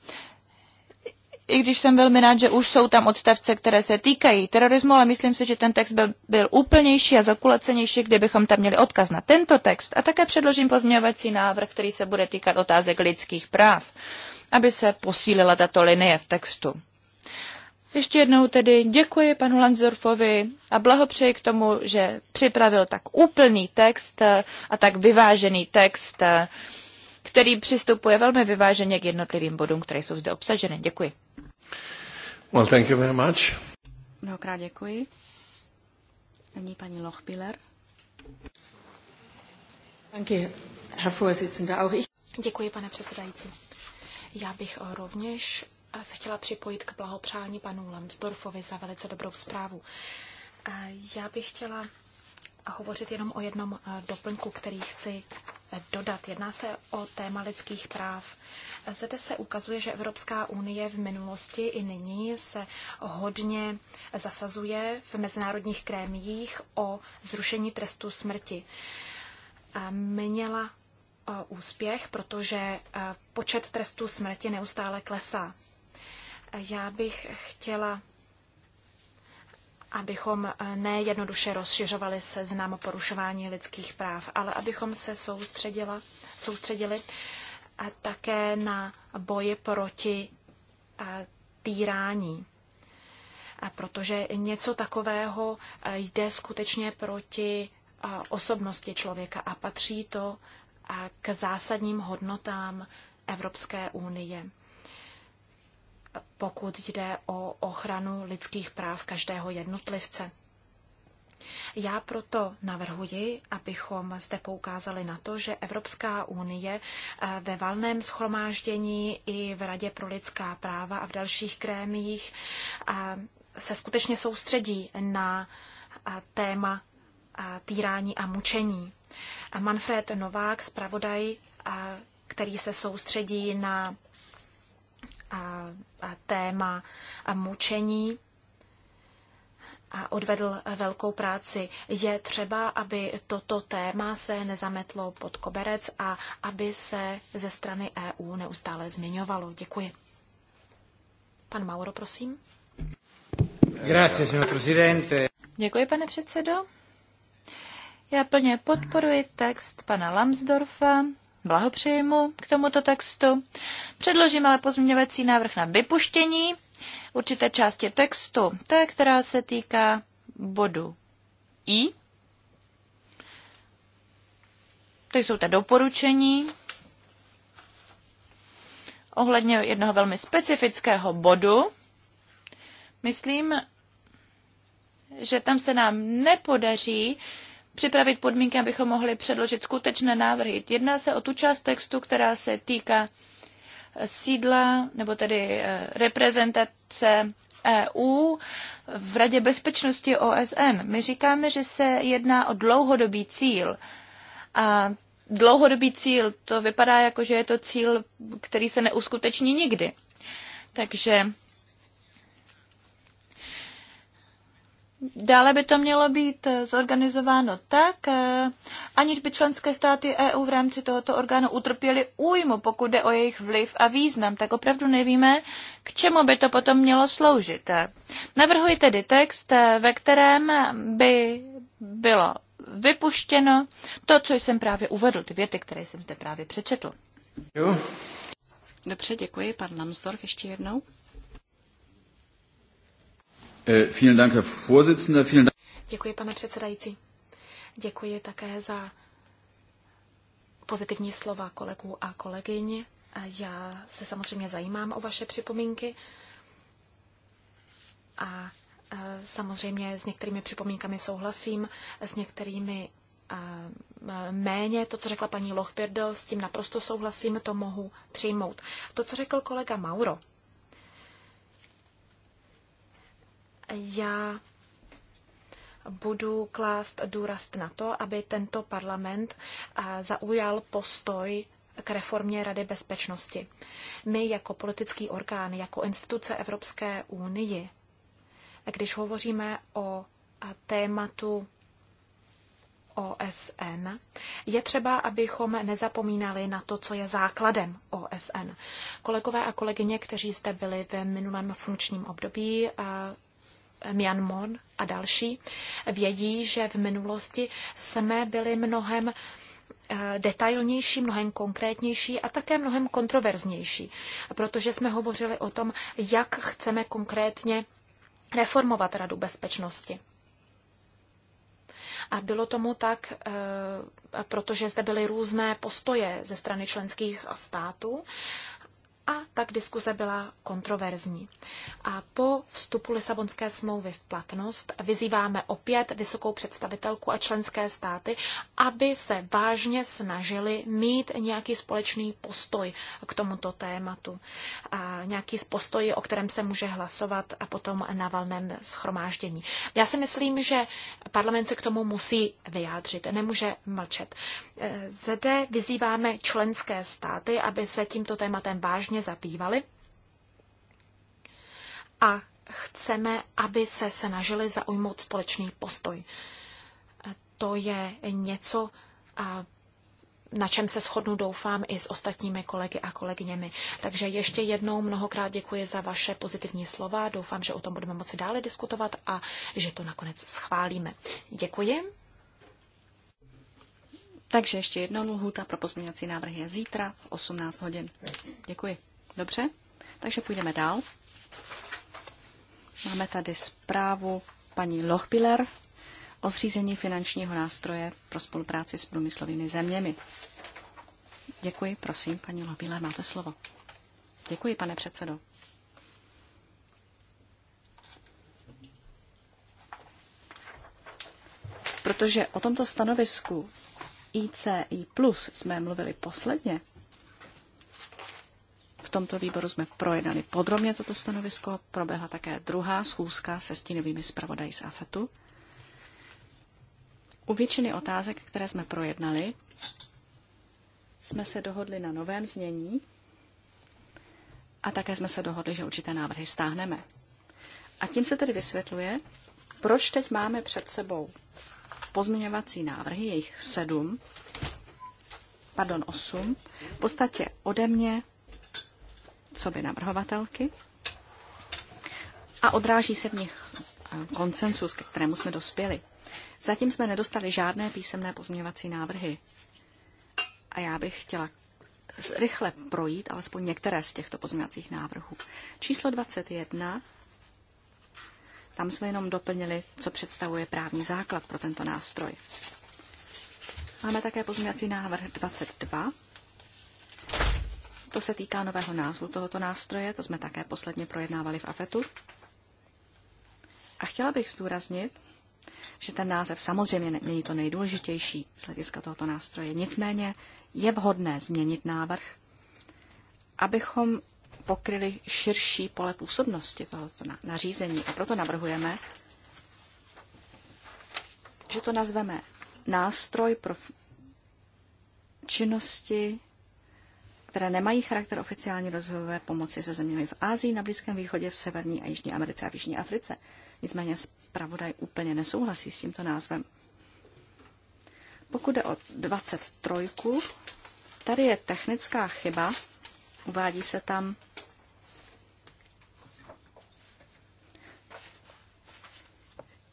i když jsem velmi rád, že už jsou tam odstavce, které se týkají terorismu, ale myslím si, že ten text byl, byl úplnější a zakulacenější, kdybychom tam měli odkaz na tento text. A také předložím pozměňovací návrh, který se bude týkat otázek lidských práv, aby se posílila tato linie v textu. Ještě jednou tedy děkuji panu Lanzorfovi a blahopřeji k tomu, že připravil tak úplný text a tak vyvážený text, který přistupuje velmi vyváženě k jednotlivým bodům, které jsou zde obsaženy. Děkuji. Well, thank you very much. Mnohokrát děkuji. Ani paní Lochbiller. Děkuji, pane předsedající. Já bych rovněž se chtěla připojit k blahopřání panu Lambsdorfovi za velice dobrou zprávu. Já bych chtěla hovořit jenom o jednom eh, doplňku, který chci eh, dodat. Jedná se o téma lidských práv. Zde se ukazuje, že Evropská unie v minulosti i nyní se hodně zasazuje v mezinárodních krémiích o zrušení trestu smrti. Měla eh, úspěch, protože počet trestů smrti neustále klesá. Já bych chtěla, abychom eh, nejednoduše rozšiřovali se znám porušování lidských práv, ale abychom se soustředila, soustředili eh, také na boji proti eh, týrání. A protože něco takového jde skutečně proti osobnosti člověka a patří to k zásadním hodnotám Evropské unie pokud jde o ochranu lidských práv každého jednotlivce. Já proto navrhuji, abychom zde poukázali na to, že Evropská unie eh, ve valném schromáždění i v Radě pro lidská práva a v dalších krémiích eh, se skutečně soustředí na eh, téma týrání a mučení. Manfred Novák, zpravodaj, který se soustředí na a téma a mučení a odvedl velkou práci. Je třeba, aby toto téma se nezametlo pod koberec a aby se ze strany EU neustále zmiňovalo. Děkuji. Pan Mauro, prosím. Grazie, signor presidente. Děkuji, pane předsedo. Já plně podporuji text pana Lambsdorfa blahopřeji mu k tomuto textu. Předložím ale pozměňovací návrh na vypuštění určité části textu, té, která se týká bodu I. To jsou ta doporučení ohledně jednoho velmi specifického bodu. Myslím, že tam se nám nepodaří uh, připravit podmínky, abychom mohli předložit skutečné návrhy. Jedná se o tu část textu, která se týká sídla, nebo tedy eh, reprezentace EU v Radě bezpečnosti OSN. My říkáme, že se jedná o dlouhodobý cíl. A dlouhodobý cíl, to vypadá jako, že je to cíl, který se neuskuteční nikdy. Takže Dále by to mělo být eh, zorganizováno tak, eh, aniž by členské státy EU v rámci tohoto orgánu utrpěly újmu, pokud jde o jejich vliv a význam, tak opravdu nevíme, k čemu by to potom mělo sloužit. Navrhuji tedy text, eh, ve kterém by bylo vypuštěno to, co jsem právě uvedl, ty věty, které jsem zde právě přečetl. Jo. Dobře, děkuji. Pan Lamsdorf ještě jednou. Eh, Děkuji, pane předsedající. Děkuji také za pozitivní slova kolegů a kolegyň. A já se samozřejmě zajímám o vaše připomínky a eh, samozřejmě s některými připomínkami souhlasím, s některými eh, méně. To, co řekla paní Lochbirdl, s tím naprosto souhlasím, to mohu přijmout. To, co řekl kolega Mauro, Já budu klást důraz na to, aby tento parlament zaujal postoj k reformě Rady bezpečnosti. My jako politický orgán, jako instituce Evropské unii, když hovoříme o tématu OSN, je třeba, abychom nezapomínali na to, co je základem OSN. Kolegové a kolegyně, kteří jste byli v minulém funkčním období, Myanmar a další, vědí, že v minulosti jsme byli mnohem eh, detailnější, mnohem konkrétnější a také mnohem kontroverznější, protože jsme hovořili o tom, jak chceme konkrétně reformovat Radu bezpečnosti. A bylo tomu tak, eh, protože zde byly různé postoje ze strany členských států a tak diskuze byla kontroverzní. A po vstupu Lisabonské smlouvy v platnost vyzýváme opět vysokou představitelku a členské státy, aby se vážně snažili mít nějaký společný postoj k tomuto tématu. A nějaký postoj, o kterém se může hlasovat a potom na valném schromáždění. Já si myslím, že parlament se k tomu musí vyjádřit, nemůže mlčet. E, zde vyzýváme členské státy, aby se tímto tématem vážně podrobně zabývali a chceme, aby se snažili zaujmout společný postoj. To je něco, na čem se shodnu, doufám, i s ostatními kolegy a kolegyněmi. Takže ještě jednou mnohokrát děkuji za vaše pozitivní slova. Doufám, že o tom budeme moci dále diskutovat a že to nakonec schválíme. Děkuji. Takže ještě jednou lhůta pro pozměňovací návrh je zítra v 18 hodin. Děkuji. Dobře, takže půjdeme dál. Máme tady zprávu paní Lochbiller o zřízení finančního nástroje pro spolupráci s průmyslovými zeměmi. Děkuji, prosím, paní Lochbiller, máte slovo. Děkuji, pane předsedo. Protože o tomto stanovisku ICI Plus jsme mluvili posledně, v tomto výboru jsme projednali podrobně toto stanovisko. Proběhla také druhá schůzka se stínovými zpravodají z AFETu. U většiny otázek, které jsme projednali, jsme se dohodli na novém znění a také jsme se dohodli, že určité návrhy stáhneme. A tím se tedy vysvětluje, proč teď máme před sebou pozměňovací návrhy, jejich sedm, pardon, osm, v podstatě ode mě co by navrhovatelky a odráží se v nich eh, koncensus, ke kterému jsme dospěli. Zatím jsme nedostali žádné písemné pozměňovací návrhy. A já bych chtěla rychle projít alespoň některé z těchto pozměňovacích návrhů. Číslo 21. Tam jsme jenom doplnili, co představuje právní základ pro tento nástroj. Máme také pozměňovací návrh 22, to se týká nového názvu tohoto nástroje, to jsme také posledně projednávali v AFETu. A chtěla bych zdůraznit, že ten název samozřejmě není to nejdůležitější z hlediska tohoto nástroje. Nicméně je vhodné změnit návrh, abychom pokryli širší pole působnosti tohoto nařízení. A proto navrhujeme, že to nazveme nástroj pro činnosti které nemají charakter oficiální rozvojové pomoci se zeměmi v Ázii, na Blízkém východě, v Severní a Jižní Americe a v Jižní Africe. Nicméně zpravodaj úplně nesouhlasí s tímto názvem. Pokud jde o 23, tady je technická chyba. Uvádí se tam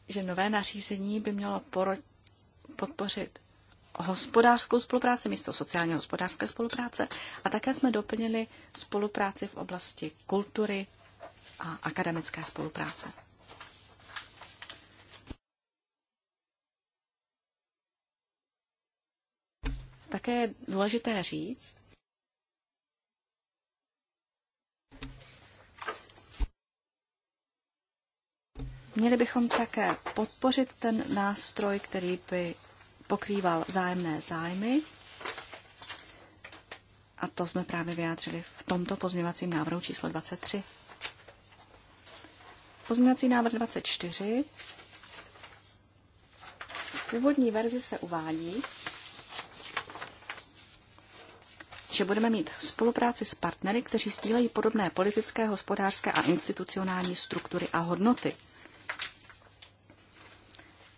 že nové nařízení by mělo podpořit hospodářskou spolupráci místo sociálně hospodářské spolupráce a také jsme doplnili spolupráci v oblasti kultury a akademické spolupráce. Také je důležité říct, Měli bychom také podpořit ten nástroj, který by pokrýval vzájemné zájmy. A to jsme právě vyjádřili v tomto pozměvacím návrhu číslo 23. Pozměvací návrh 24. V původní verzi se uvádí, že budeme mít spolupráci s partnery, kteří sdílejí podobné politické, hospodářské a institucionální struktury a hodnoty –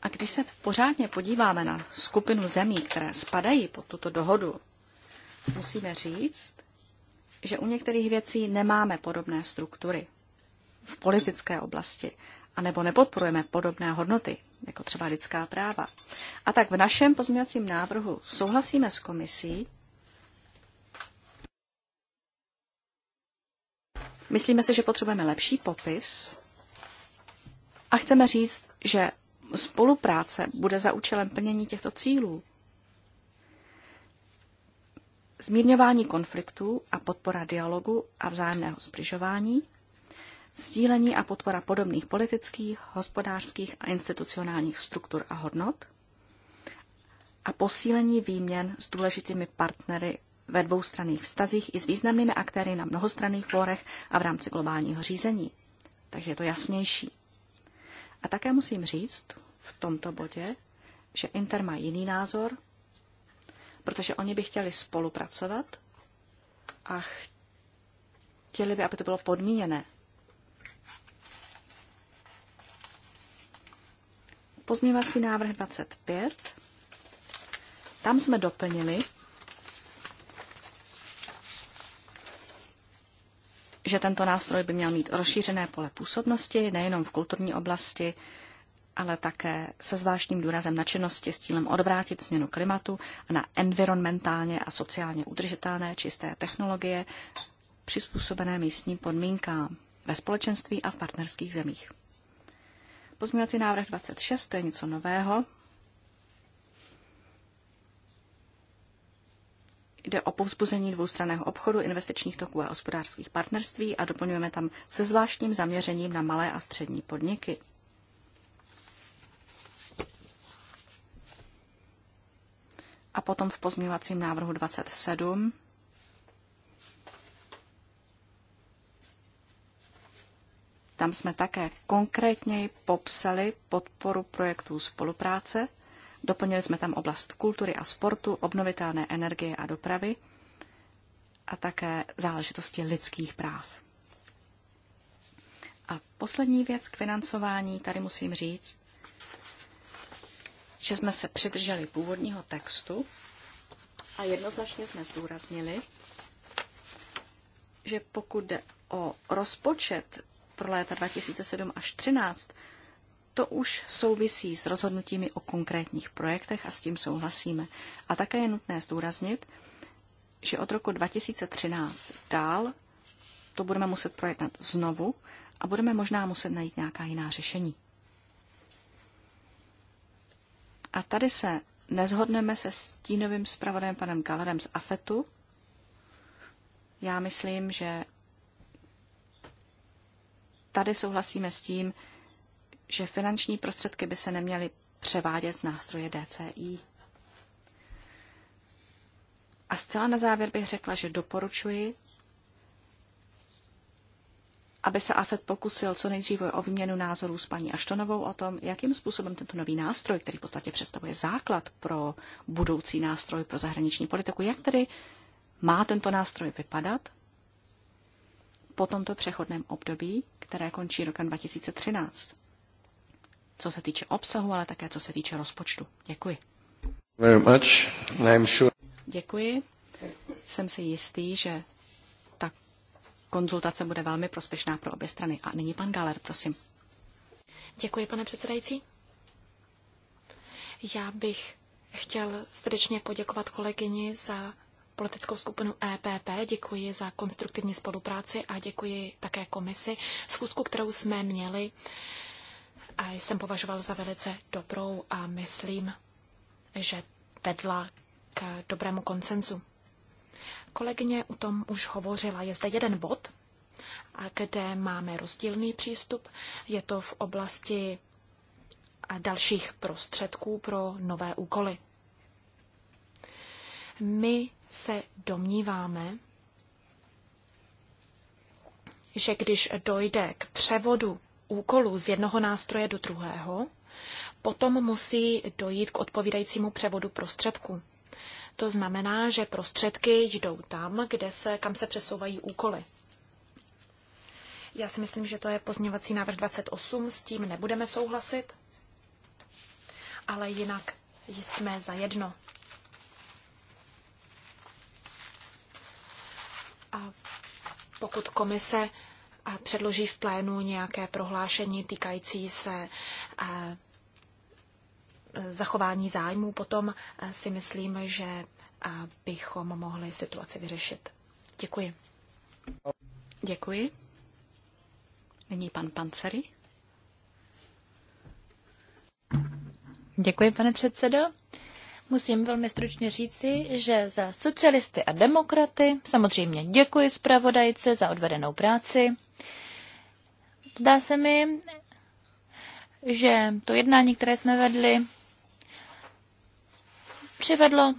a když se pořádně podíváme na skupinu zemí, které spadají pod tuto dohodu, musíme říct, že u některých věcí nemáme podobné struktury v politické oblasti, anebo nepodporujeme podobné hodnoty, jako třeba lidská práva. A tak v našem pozměňovacím návrhu souhlasíme s komisí. Myslíme si, že potřebujeme lepší popis a chceme říct, že spolupráce bude za účelem plnění těchto cílů. Zmírňování konfliktů a podpora dialogu a vzájemného zbližování, sdílení a podpora podobných politických, hospodářských a institucionálních struktur a hodnot a posílení výměn s důležitými partnery ve dvoustranných vztazích i s významnými aktéry na mnohostranných fórech a v rámci globálního řízení. Takže je to jasnější. A také musím říct v tomto bodě, že Inter má jiný názor, protože oni by chtěli spolupracovat a chtěli by, aby to bylo podmíněné. Pozměňovací návrh 25. Tam jsme doplnili že tento nástroj by měl mít rozšířené pole působnosti nejenom v kulturní oblasti, ale také se zvláštním důrazem na činnosti s cílem odvrátit změnu klimatu a na environmentálně a sociálně udržitelné čisté technologie přizpůsobené místním podmínkám ve společenství a v partnerských zemích. Pozměňovací návrh 26, to je něco nového, Jde o povzbuzení dvoustranného obchodu, investičních toků a hospodářských partnerství a doplňujeme tam se zvláštním zaměřením na malé a střední podniky. A potom v pozměňovacím návrhu 27 Tam jsme také konkrétněji popsali podporu projektů spolupráce Doplnili jsme tam oblast kultury a sportu, obnovitelné energie a dopravy a také záležitosti lidských práv. A poslední věc k financování, tady musím říct, že jsme se přidrželi původního textu a jednoznačně jsme zdůraznili, že pokud jde o rozpočet pro léta 2007 až 2013, to už souvisí s rozhodnutími o konkrétních projektech a s tím souhlasíme. A také je nutné zdůraznit, že od roku 2013 dál to budeme muset projednat znovu a budeme možná muset najít nějaká jiná řešení. A tady se nezhodneme se stínovým zpravodajem panem Galerem z AFETu. Já myslím, že tady souhlasíme s tím, že finanční prostředky by se neměly převádět z nástroje DCI. A zcela na závěr bych řekla, že doporučuji, aby se AFED pokusil co nejdříve o výměnu názorů s paní Aštonovou o tom, jakým způsobem tento nový nástroj, který v podstatě představuje základ pro budoucí nástroj pro zahraniční politiku, jak tedy má tento nástroj vypadat po tomto přechodném období, které končí rokem 2013 co se týče obsahu, ale také co se týče rozpočtu. Děkuji. Very much. I'm sure. Děkuji. Jsem si jistý, že ta konzultace bude velmi prospěšná pro obě strany. A nyní pan Galer, prosím. Děkuji, pane předsedající. Já bych chtěl srdečně poděkovat kolegyni za politickou skupinu EPP, děkuji za konstruktivní spolupráci a děkuji také komisi. Schůzku, kterou jsme měli, a jsem považoval za velice dobrou a myslím, že vedla k dobrému konsenzu. Kolegyně u tom už hovořila. Je zde jeden bod, a kde máme rozdílný přístup. Je to v oblasti dalších prostředků pro nové úkoly. My se domníváme, že když dojde k převodu Úkolu z jednoho nástroje do druhého, potom musí dojít k odpovídajícímu převodu prostředků. To znamená, že prostředky jdou tam, kde se, kam se přesouvají úkoly. Já si myslím, že to je pozměňovací návrh 28, s tím nebudeme souhlasit, ale jinak jsme za jedno. A pokud komise předloží v plénu nějaké prohlášení týkající se eh, eh, zachování zájmu, potom eh, si myslím, že bychom mohli situaci vyřešit. Děkuji. Děkuji. Nyní pan Pancery. Děkuji, pane předsedo. Musím velmi stručně říci, že za socialisty a demokraty samozřejmě děkuji zpravodajce za odvedenou práci. Zdá se mi, že to jednání, které jsme vedli, přivedlo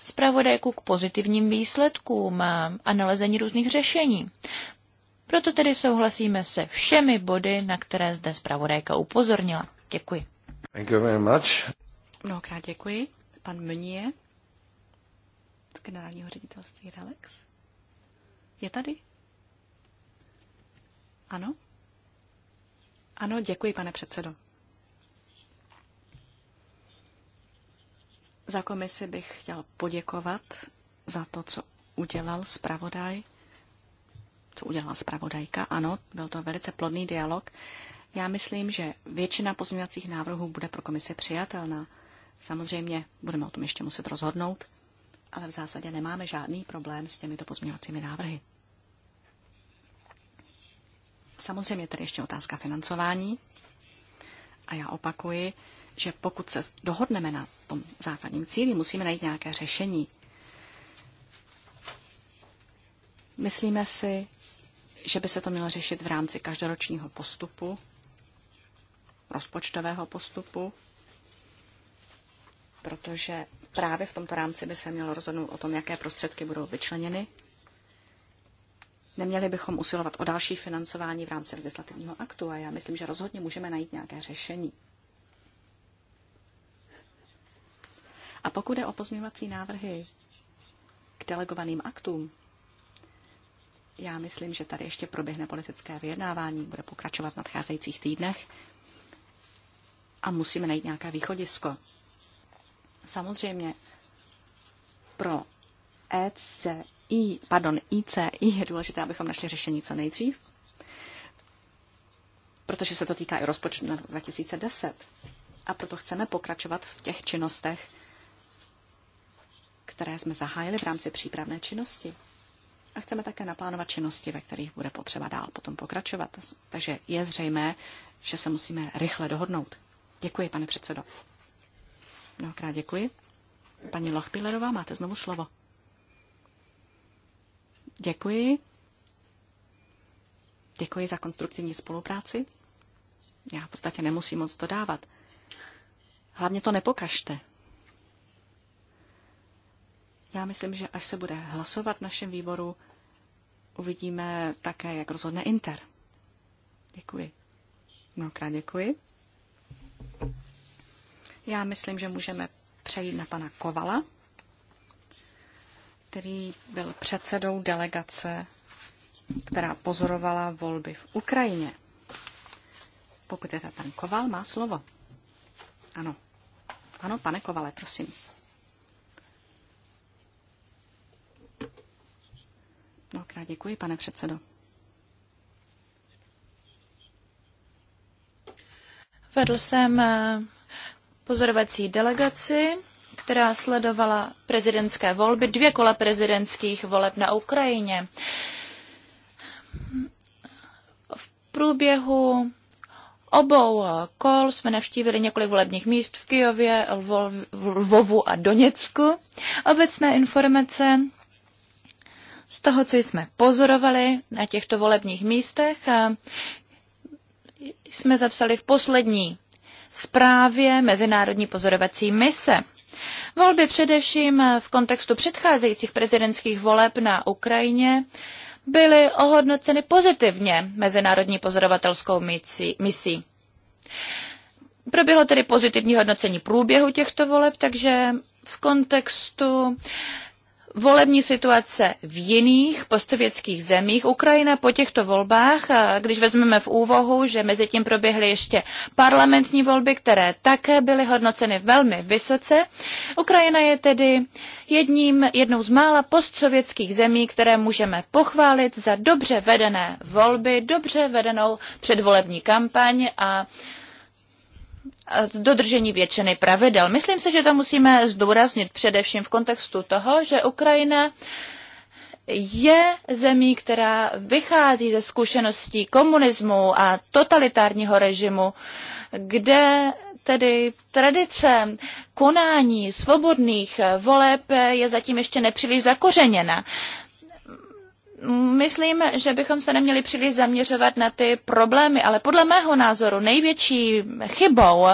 zpravodajku k pozitivním výsledkům a nalezení různých řešení. Proto tedy souhlasíme se všemi body, na které zde zpravodajka upozornila. Děkuji. Thank you very much. Mnohokrát děkuji. Pan Mnie z generálního ředitelství Relax. Je tady? Ano? Ano, děkuji, pane předsedo. Za komisi bych chtěl poděkovat za to, co udělal zpravodaj, co udělala zpravodajka. Ano, byl to velice plodný dialog. Já myslím, že většina pozměňovacích návrhů bude pro komisi přijatelná. Samozřejmě budeme o tom ještě muset rozhodnout, ale v zásadě nemáme žádný problém s těmito pozměňovacími návrhy. Samozřejmě tady ještě otázka financování. A já opakuji, že pokud se dohodneme na tom základním cíli, musíme najít nějaké řešení. Myslíme si, že by se to mělo řešit v rámci každoročního postupu, rozpočtového postupu, protože právě v tomto rámci by se mělo rozhodnout o tom, jaké prostředky budou vyčleněny Neměli bychom usilovat o další financování v rámci legislativního aktu a já myslím, že rozhodně můžeme najít nějaké řešení. A pokud je o pozměňovací návrhy k delegovaným aktům, já myslím, že tady ještě proběhne politické vyjednávání, bude pokračovat v nadcházejících týdnech a musíme najít nějaké východisko. Samozřejmě pro ECE i, pardon, ICI je důležité, abychom našli řešení co nejdřív, protože se to týká i rozpočtu na 2010. A proto chceme pokračovat v těch činnostech, které jsme zahájili v rámci přípravné činnosti. A chceme také naplánovat činnosti, ve kterých bude potřeba dál potom pokračovat. Takže je zřejmé, že se musíme rychle dohodnout. Děkuji, pane předsedo. Mnohokrát děkuji. Paní Lochpilerová, máte znovu slovo. Děkuji. Děkuji za konstruktivní spolupráci. Já v podstatě nemusím moc dodávat. Hlavně to nepokažte. Já myslím, že až se bude hlasovat v našem výboru, uvidíme také, jak rozhodne Inter. Děkuji. Mnohokrát děkuji. Já myslím, že můžeme přejít na pana Kovala který byl předsedou delegace, která pozorovala volby v Ukrajině. Pokud je to pan Koval, má slovo. Ano. Ano, pane Kovale, prosím. Mnohokrát děkuji, pane předsedo. Vedl jsem eh, pozorovací delegaci která sledovala prezidentské volby, dvě kola prezidentských voleb na Ukrajině. V průběhu obou kol jsme navštívili několik volebních míst v Kijově, Lvovu a Doněcku. Obecné informace z toho, co jsme pozorovali na těchto volebních místech, jsme zapsali v poslední zprávě Mezinárodní pozorovací mise. Volby především v kontextu předcházejících prezidentských voleb na Ukrajině byly ohodnoceny pozitivně mezinárodní pozorovatelskou misí. Proběhlo tedy pozitivní hodnocení průběhu těchto voleb, takže v kontextu volební situace v jiných postsovětských zemích. Ukrajina po těchto volbách, když vezmeme v úvahu, že mezi tím proběhly ještě parlamentní volby, které také byly hodnoceny velmi vysoce, Ukrajina je tedy jedním, jednou z mála postsovětských zemí, které můžeme pochválit za dobře vedené volby, dobře vedenou předvolební kampaň a Eh, dodržení většiny pravidel. Myslím si, že to musíme zdůraznit především v kontextu toho, že Ukrajina je zemí, která vychází ze zkušeností komunismu a totalitárního režimu, kde tedy tradice konání svobodných voleb je zatím ještě nepříliš zakořeněna. Myslím, že bychom se neměli příliš zaměřovat na ty problémy, ale podle mého názoru největší chybou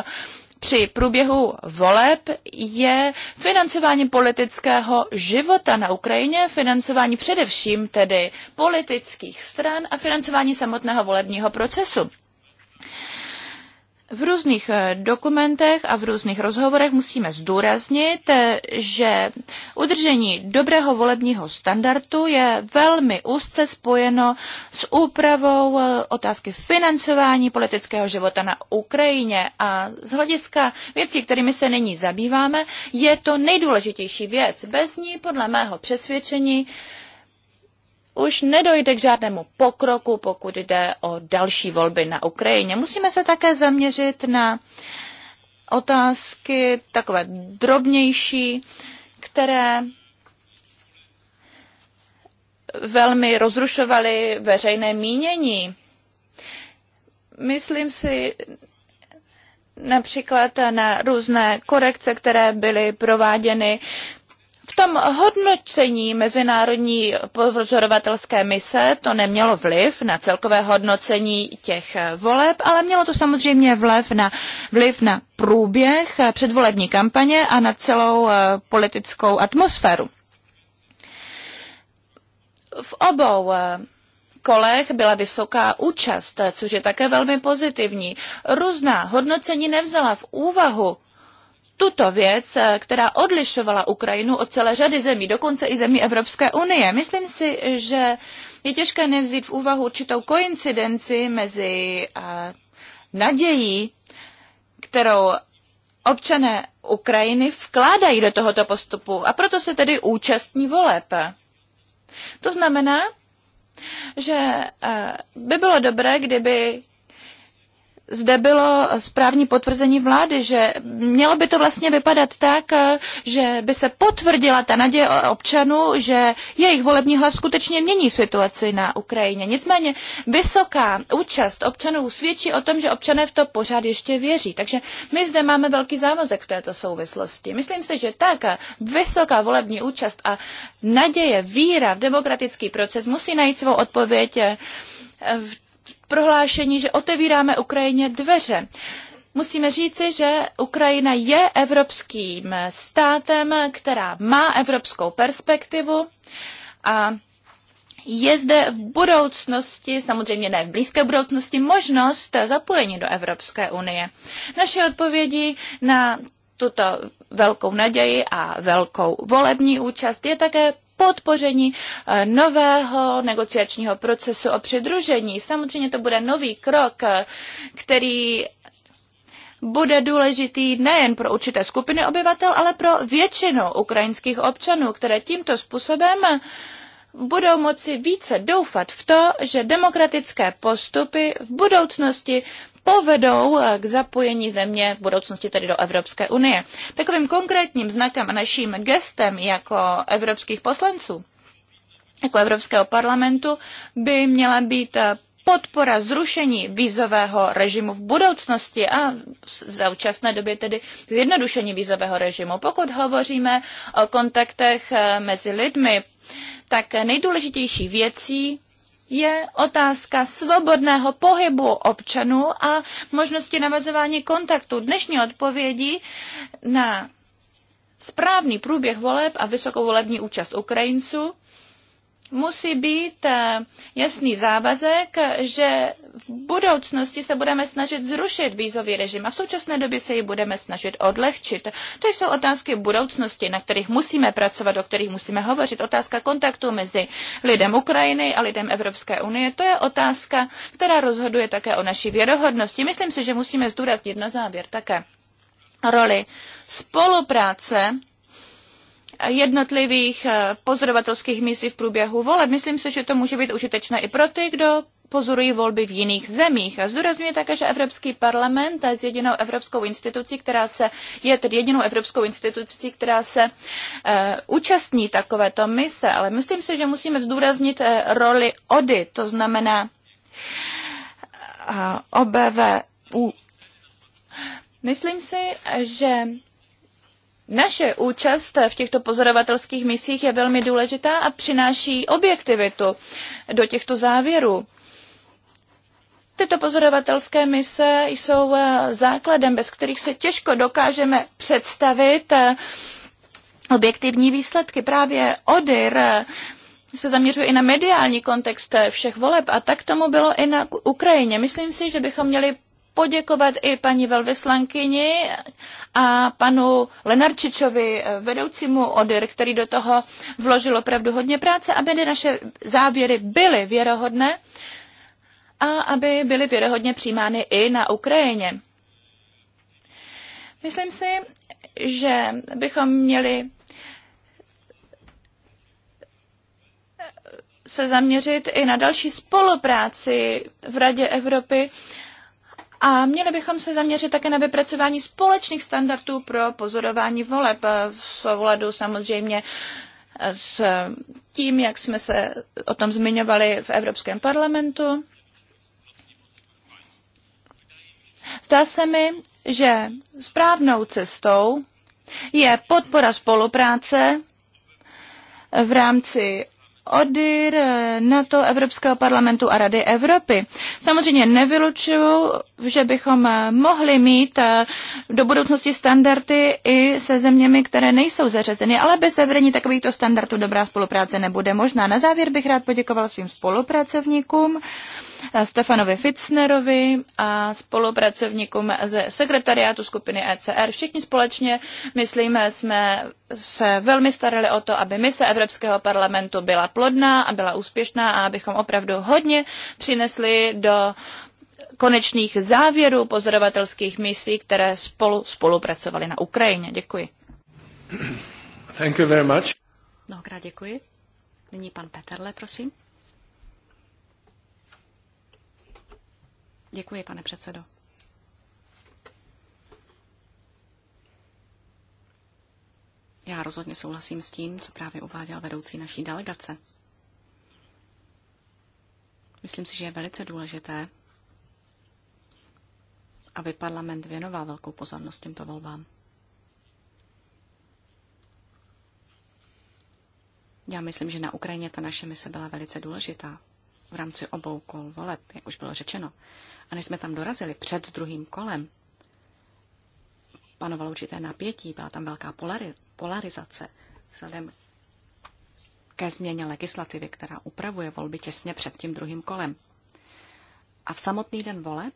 při průběhu voleb je financování politického života na Ukrajině, financování především tedy politických stran a financování samotného volebního procesu v různých eh, dokumentech a v různých rozhovorech musíme zdůraznit, eh, že udržení dobrého volebního standardu je velmi úzce spojeno s úpravou eh, otázky financování politického života na Ukrajině a z hlediska věcí, kterými se nyní zabýváme, je to nejdůležitější věc. Bez ní, podle mého přesvědčení, už nedojde k žádnému pokroku, pokud jde o další volby na Ukrajině. Musíme se také zaměřit na otázky takové drobnější, které velmi rozrušovaly veřejné mínění. Myslím si například na různé korekce, které byly prováděny tom hodnocení mezinárodní pozorovatelské mise to nemělo vliv na celkové hodnocení těch voleb, ale mělo to samozřejmě vliv na, vliv na průběh předvolební kampaně a na celou eh, politickou atmosféru. V obou eh, kolech byla vysoká účast, což je také velmi pozitivní. Různá hodnocení nevzala v úvahu tuto věc, eh, která odlišovala Ukrajinu od celé řady zemí, dokonce i zemí Evropské unie. Myslím si, že je těžké nevzít v úvahu určitou koincidenci mezi eh, nadějí, kterou občané Ukrajiny vkládají do tohoto postupu a proto se tedy účastní voleb. To znamená, že eh, by bylo dobré, kdyby zde bylo správní potvrzení vlády, že mělo by to vlastně vypadat tak, že by se potvrdila ta naděje občanů, že jejich volební hlas skutečně mění situaci na Ukrajině. Nicméně vysoká účast občanů svědčí o tom, že občané v to pořád ještě věří. Takže my zde máme velký závazek v této souvislosti. Myslím si, že tak vysoká volební účast a naděje, víra v demokratický proces musí najít svou odpověď v prohlášení, že otevíráme Ukrajině dveře. Musíme říci, že Ukrajina je evropským státem, která má evropskou perspektivu a je zde v budoucnosti, samozřejmě ne v blízké budoucnosti, možnost zapojení do Evropské unie. Naše odpovědi na tuto velkou naději a velkou volební účast je také podpoření eh, nového negociačního procesu o přidružení. Samozřejmě to bude nový krok, eh, který bude důležitý nejen pro určité skupiny obyvatel, ale pro většinu ukrajinských občanů, které tímto způsobem eh, budou moci více doufat v to, že demokratické postupy v budoucnosti povedou eh, k zapojení země v budoucnosti tedy do Evropské unie. Takovým konkrétním znakem a naším gestem jako evropských poslanců, jako Evropského parlamentu, by měla být eh, podpora zrušení vízového režimu v budoucnosti a v současné době tedy zjednodušení vízového režimu. Pokud hovoříme o kontaktech eh, mezi lidmi, tak nejdůležitější věcí je otázka svobodného pohybu občanů a možnosti navazování kontaktu. Dnešní odpovědi na správný průběh voleb a vysokou volební účast Ukrajinců musí být eh, jasný závazek, že v budoucnosti se budeme snažit zrušit vízový režim a v současné době se ji budeme snažit odlehčit. To jsou otázky budoucnosti, na kterých musíme pracovat, o kterých musíme hovořit. Otázka kontaktu mezi lidem Ukrajiny a lidem Evropské unie, to je otázka, která rozhoduje také o naší věrohodnosti. Myslím si, že musíme zdůraznit na závěr také roli spolupráce jednotlivých eh, pozorovatelských misí v průběhu voleb. Myslím si, že to může být užitečné i pro ty, kdo pozorují volby v jiných zemích. A zdůrazňuje také, že Evropský parlament je jedinou evropskou institucí, která se, je tedy jedinou evropskou institucí, která se e, účastní takovéto mise. Ale myslím si, že musíme zdůraznit e, roli ODY, to znamená e, eh, OBVU. Myslím si, že naše účast v těchto pozorovatelských misích je velmi důležitá a přináší objektivitu do těchto závěrů. Tyto pozorovatelské mise jsou eh, základem, bez kterých se těžko dokážeme představit eh, objektivní výsledky. Právě ODIR eh, se zaměřuje i na mediální kontext všech voleb a tak tomu bylo i na Ukrajině. Myslím si, že bychom měli poděkovat i paní velvyslankyni a panu Lenarčičovi, vedoucímu ODIR, který do toho vložil opravdu hodně práce, aby naše závěry byly věrohodné a aby byly věrohodně přijímány i na Ukrajině. Myslím si, že bychom měli se zaměřit i na další spolupráci v Radě Evropy a měli bychom se zaměřit také na vypracování společných standardů pro pozorování voleb v souladu samozřejmě s tím, jak jsme se o tom zmiňovali v Evropském parlamentu. Zdá se mi, že správnou cestou je podpora spolupráce v rámci ODIR, eh, NATO, Evropského parlamentu a Rady Evropy. Samozřejmě nevylučuju, že bychom eh, mohli mít eh, do budoucnosti standardy i se zeměmi, které nejsou zařazeny, ale bez severní takovýchto standardů dobrá spolupráce nebude možná. Na závěr bych rád poděkoval svým spolupracovníkům, Stefanovi Fitznerovi a spolupracovníkům ze sekretariátu skupiny ECR. Všichni společně, myslíme, jsme se velmi starali o to, aby mise Evropského parlamentu byla plodná a byla úspěšná a abychom opravdu hodně přinesli do konečných závěrů pozorovatelských misí, které spolu spolupracovaly na Ukrajině. Děkuji. Thank you very much. Mnohokrát děkuji. Nyní pan Peterle, prosím. Děkuji, pane předsedo. Já rozhodně souhlasím s tím, co právě uváděl vedoucí naší delegace. Myslím si, že je velice důležité, aby parlament věnoval velkou pozornost těmto volbám. Já myslím, že na Ukrajině ta naše mise byla velice důležitá v rámci obou kol voleb, jak už bylo řečeno. A než jsme tam dorazili před druhým kolem, panovalo určité napětí, byla tam velká polarizace vzhledem ke změně legislativy, která upravuje volby těsně před tím druhým kolem. A v samotný den voleb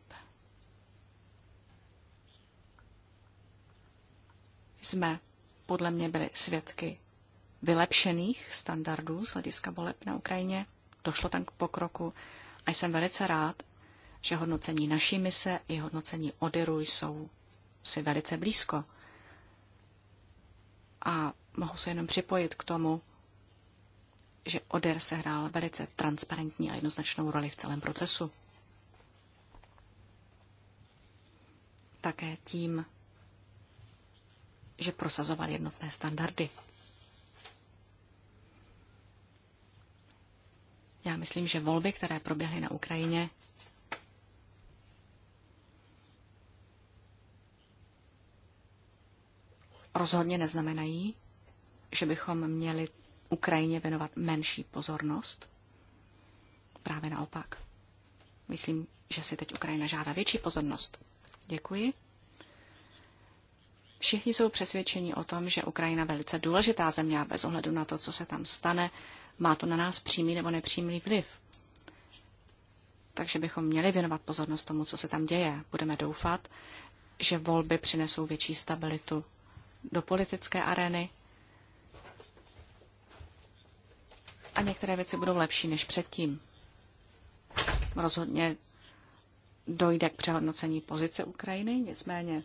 jsme podle mě byli svědky vylepšených standardů z hlediska voleb na Ukrajině. Došlo tam k pokroku a jsem velice rád, že hodnocení naší mise i hodnocení ODERu jsou si velice blízko. A mohu se jenom připojit k tomu, že Oder sehrál velice transparentní a jednoznačnou roli v celém procesu. Také tím, že prosazoval jednotné standardy. Já myslím, že volby, které proběhly na Ukrajině, rozhodně neznamenají, že bychom měli Ukrajině věnovat menší pozornost. Právě naopak. Myslím, že si teď Ukrajina žádá větší pozornost. Děkuji. Všichni jsou přesvědčeni o tom, že Ukrajina velice důležitá země a bez ohledu na to, co se tam stane, má to na nás přímý nebo nepřímý vliv. Takže bychom měli věnovat pozornost tomu, co se tam děje. Budeme doufat, že volby přinesou větší stabilitu do politické arény. A některé věci budou lepší než předtím. Rozhodně dojde k přehodnocení pozice Ukrajiny, nicméně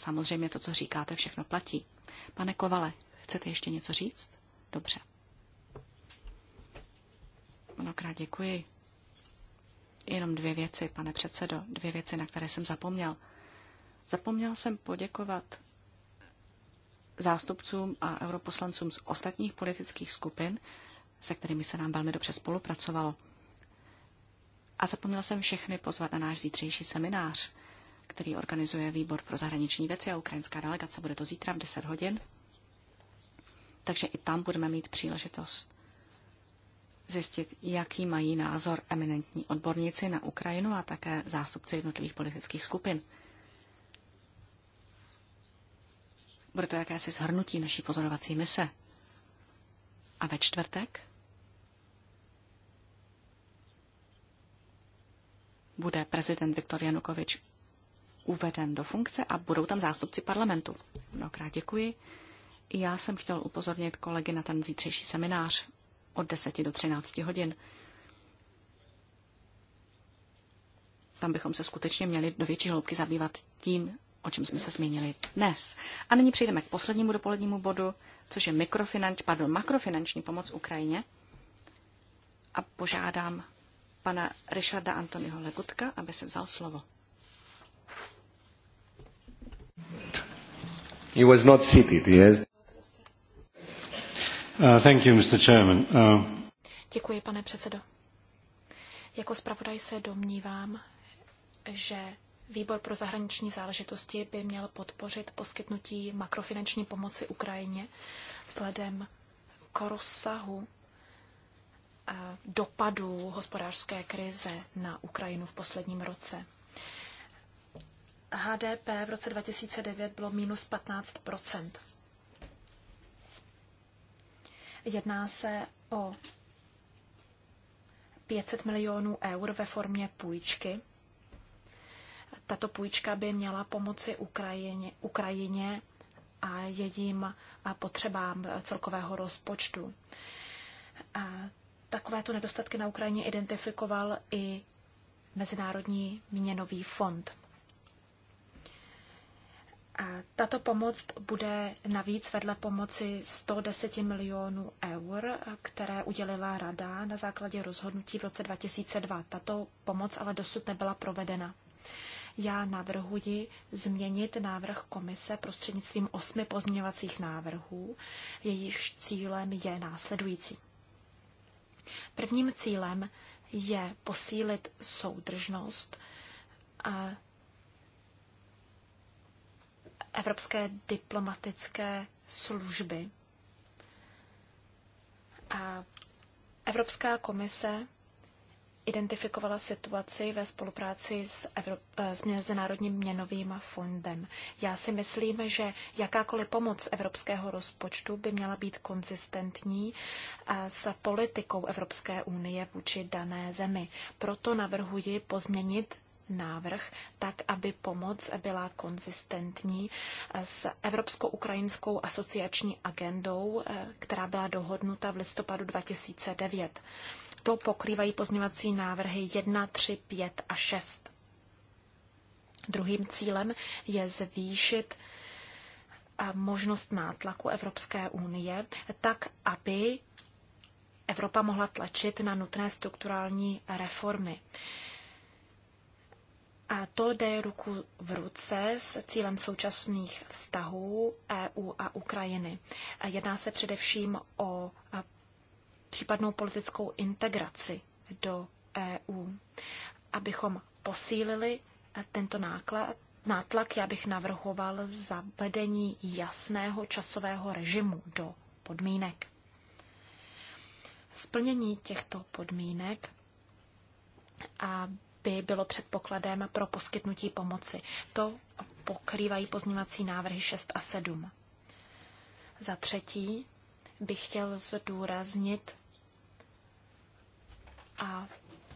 samozřejmě to, co říkáte, všechno platí. Pane Kovale, chcete ještě něco říct? Dobře. Mnohokrát děkuji. Jenom dvě věci, pane předsedo, dvě věci, na které jsem zapomněl. Zapomněl jsem poděkovat zástupcům a europoslancům z ostatních politických skupin, se kterými se nám velmi dobře spolupracovalo. A zapomněla jsem všechny pozvat na náš zítřejší seminář, který organizuje Výbor pro zahraniční věci a ukrajinská delegace. Bude to zítra v 10 hodin. Takže i tam budeme mít příležitost zjistit, jaký mají názor eminentní odborníci na Ukrajinu a také zástupci jednotlivých politických skupin. Bude to jakési zhrnutí naší pozorovací mise. A ve čtvrtek bude prezident Viktor Janukovič uveden do funkce a budou tam zástupci parlamentu. Mnohokrát děkuji. Já jsem chtěl upozornit kolegy na ten zítřejší seminář od 10 do 13 hodin. Tam bychom se skutečně měli do větší hloubky zabývat tím, o čem jsme se zmínili dnes. A nyní přejdeme k poslednímu dopolednímu bodu, což je mikrofinanč, pardon, makrofinanční pomoc Ukrajině. A požádám pana Richarda Antonyho Legutka, aby se vzal slovo. He was not seated, yes. Uh, thank you, Mr. Chairman. Uh... Děkuji, pane předsedo. Jako zpravodaj se domnívám, že Výbor pro zahraniční záležitosti by měl podpořit poskytnutí makrofinanční pomoci Ukrajině vzhledem k rozsahu eh, dopadů hospodářské krize na Ukrajinu v posledním roce. HDP v roce 2009 bylo minus 15 Jedná se o 500 milionů eur ve formě půjčky tato půjčka by měla pomoci Ukrajině, Ukrajině a jejím potřebám celkového rozpočtu. A takovéto nedostatky na Ukrajině identifikoval i Mezinárodní měnový fond. A tato pomoc bude navíc vedle pomoci 110 milionů eur, které udělila Rada na základě rozhodnutí v roce 2002. Tato pomoc ale dosud nebyla provedena já navrhuji změnit návrh komise prostřednictvím osmi pozměňovacích návrhů. jejichž cílem je následující. Prvním cílem je posílit soudržnost a evropské diplomatické služby. A Evropská komise identifikovala situaci ve spolupráci s, Evrop- eh, s Mezinárodním měnovým fondem. Já si myslím, že jakákoliv pomoc evropského rozpočtu by měla být konzistentní eh, s politikou Evropské unie vůči dané zemi. Proto navrhuji pozměnit návrh, tak aby pomoc byla konzistentní eh, s Evropsko-ukrajinskou asociační agendou, která byla dohodnuta v listopadu 2009 to pokrývají pozměňovací návrhy 1, 3, 5 a 6. Druhým cílem je zvýšit eh, možnost nátlaku Evropské unie, tak aby Evropa mohla tlačit na nutné strukturální reformy. A to jde ruku v ruce s cílem současných vztahů EU a Ukrajiny. Jedná se především o případnou politickou integraci do EU. Abychom posílili eh, tento náklad, nátlak, já bych navrhoval zavedení jasného časového režimu do podmínek. Splnění těchto podmínek a by bylo předpokladem pro poskytnutí pomoci. To pokrývají pozměňovací návrhy 6 a 7. Za třetí, bych chtěl zdůraznit a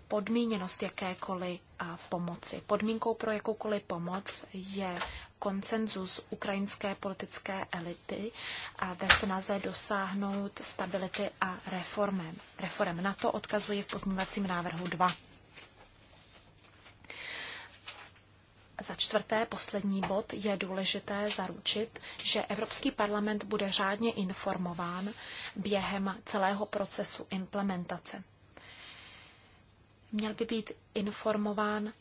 podmíněnost jakékoliv a pomoci. Podmínkou pro jakoukoliv pomoc je koncenzus ukrajinské politické elity a ve snaze dosáhnout stability a reformem. Reform na to odkazuje v pozměňovacím návrhu 2. Za čtvrté, poslední bod, je důležité zaručit, že Evropský parlament bude řádně informován během celého procesu implementace. Měl by být informován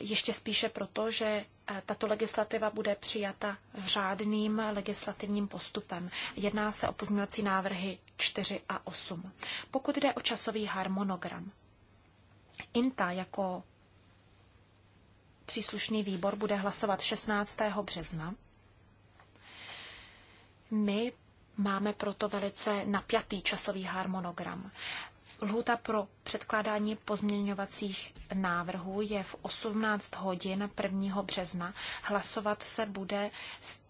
ještě spíše proto, že eh, tato legislativa bude přijata řádným legislativním postupem. Jedná se o pozměňovací návrhy 4 a 8. Pokud jde o časový harmonogram, INTA jako Příslušný výbor bude hlasovat 16. března. My máme proto velice napjatý časový harmonogram. Lhuta pro předkládání pozměňovacích návrhů je v 18 hodin 1. března. Hlasovat se bude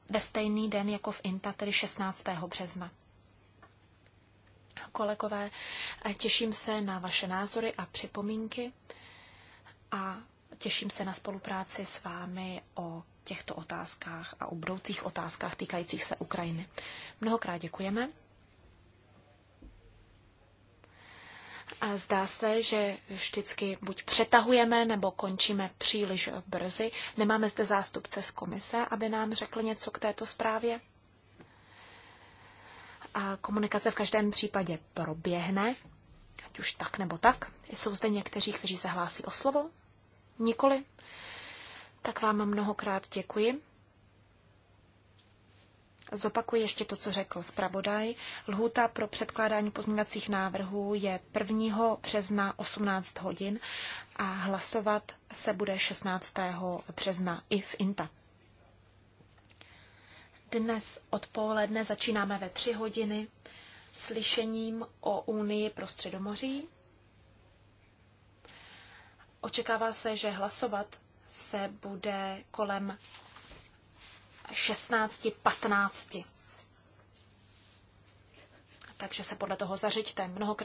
ve stejný den jako v INTA, tedy 16. března. Kolegové, těším se na vaše názory a připomínky a těším se na spolupráci s vámi o těchto otázkách a o budoucích otázkách týkajících se Ukrajiny. Mnohokrát děkujeme. A zdá se, že vždycky buď přetahujeme nebo končíme příliš brzy. Nemáme zde zástupce z komise, aby nám řekl něco k této zprávě. A komunikace v každém případě proběhne, ať už tak nebo tak. Jsou zde někteří, kteří se hlásí o slovo? Nikoli? Tak vám mnohokrát děkuji. Zopakuji ještě to, co řekl zpravodaj. Lhůta pro předkládání pozměňovacích návrhů je 1. března 18 hodin a hlasovat se bude 16. března i v INTA. Dnes odpoledne začínáme ve 3 hodiny slyšením o Unii pro Středomoří. Očekává se, že hlasovat se bude kolem 16.15. Takže se podle toho zařiďte. Mnohokrát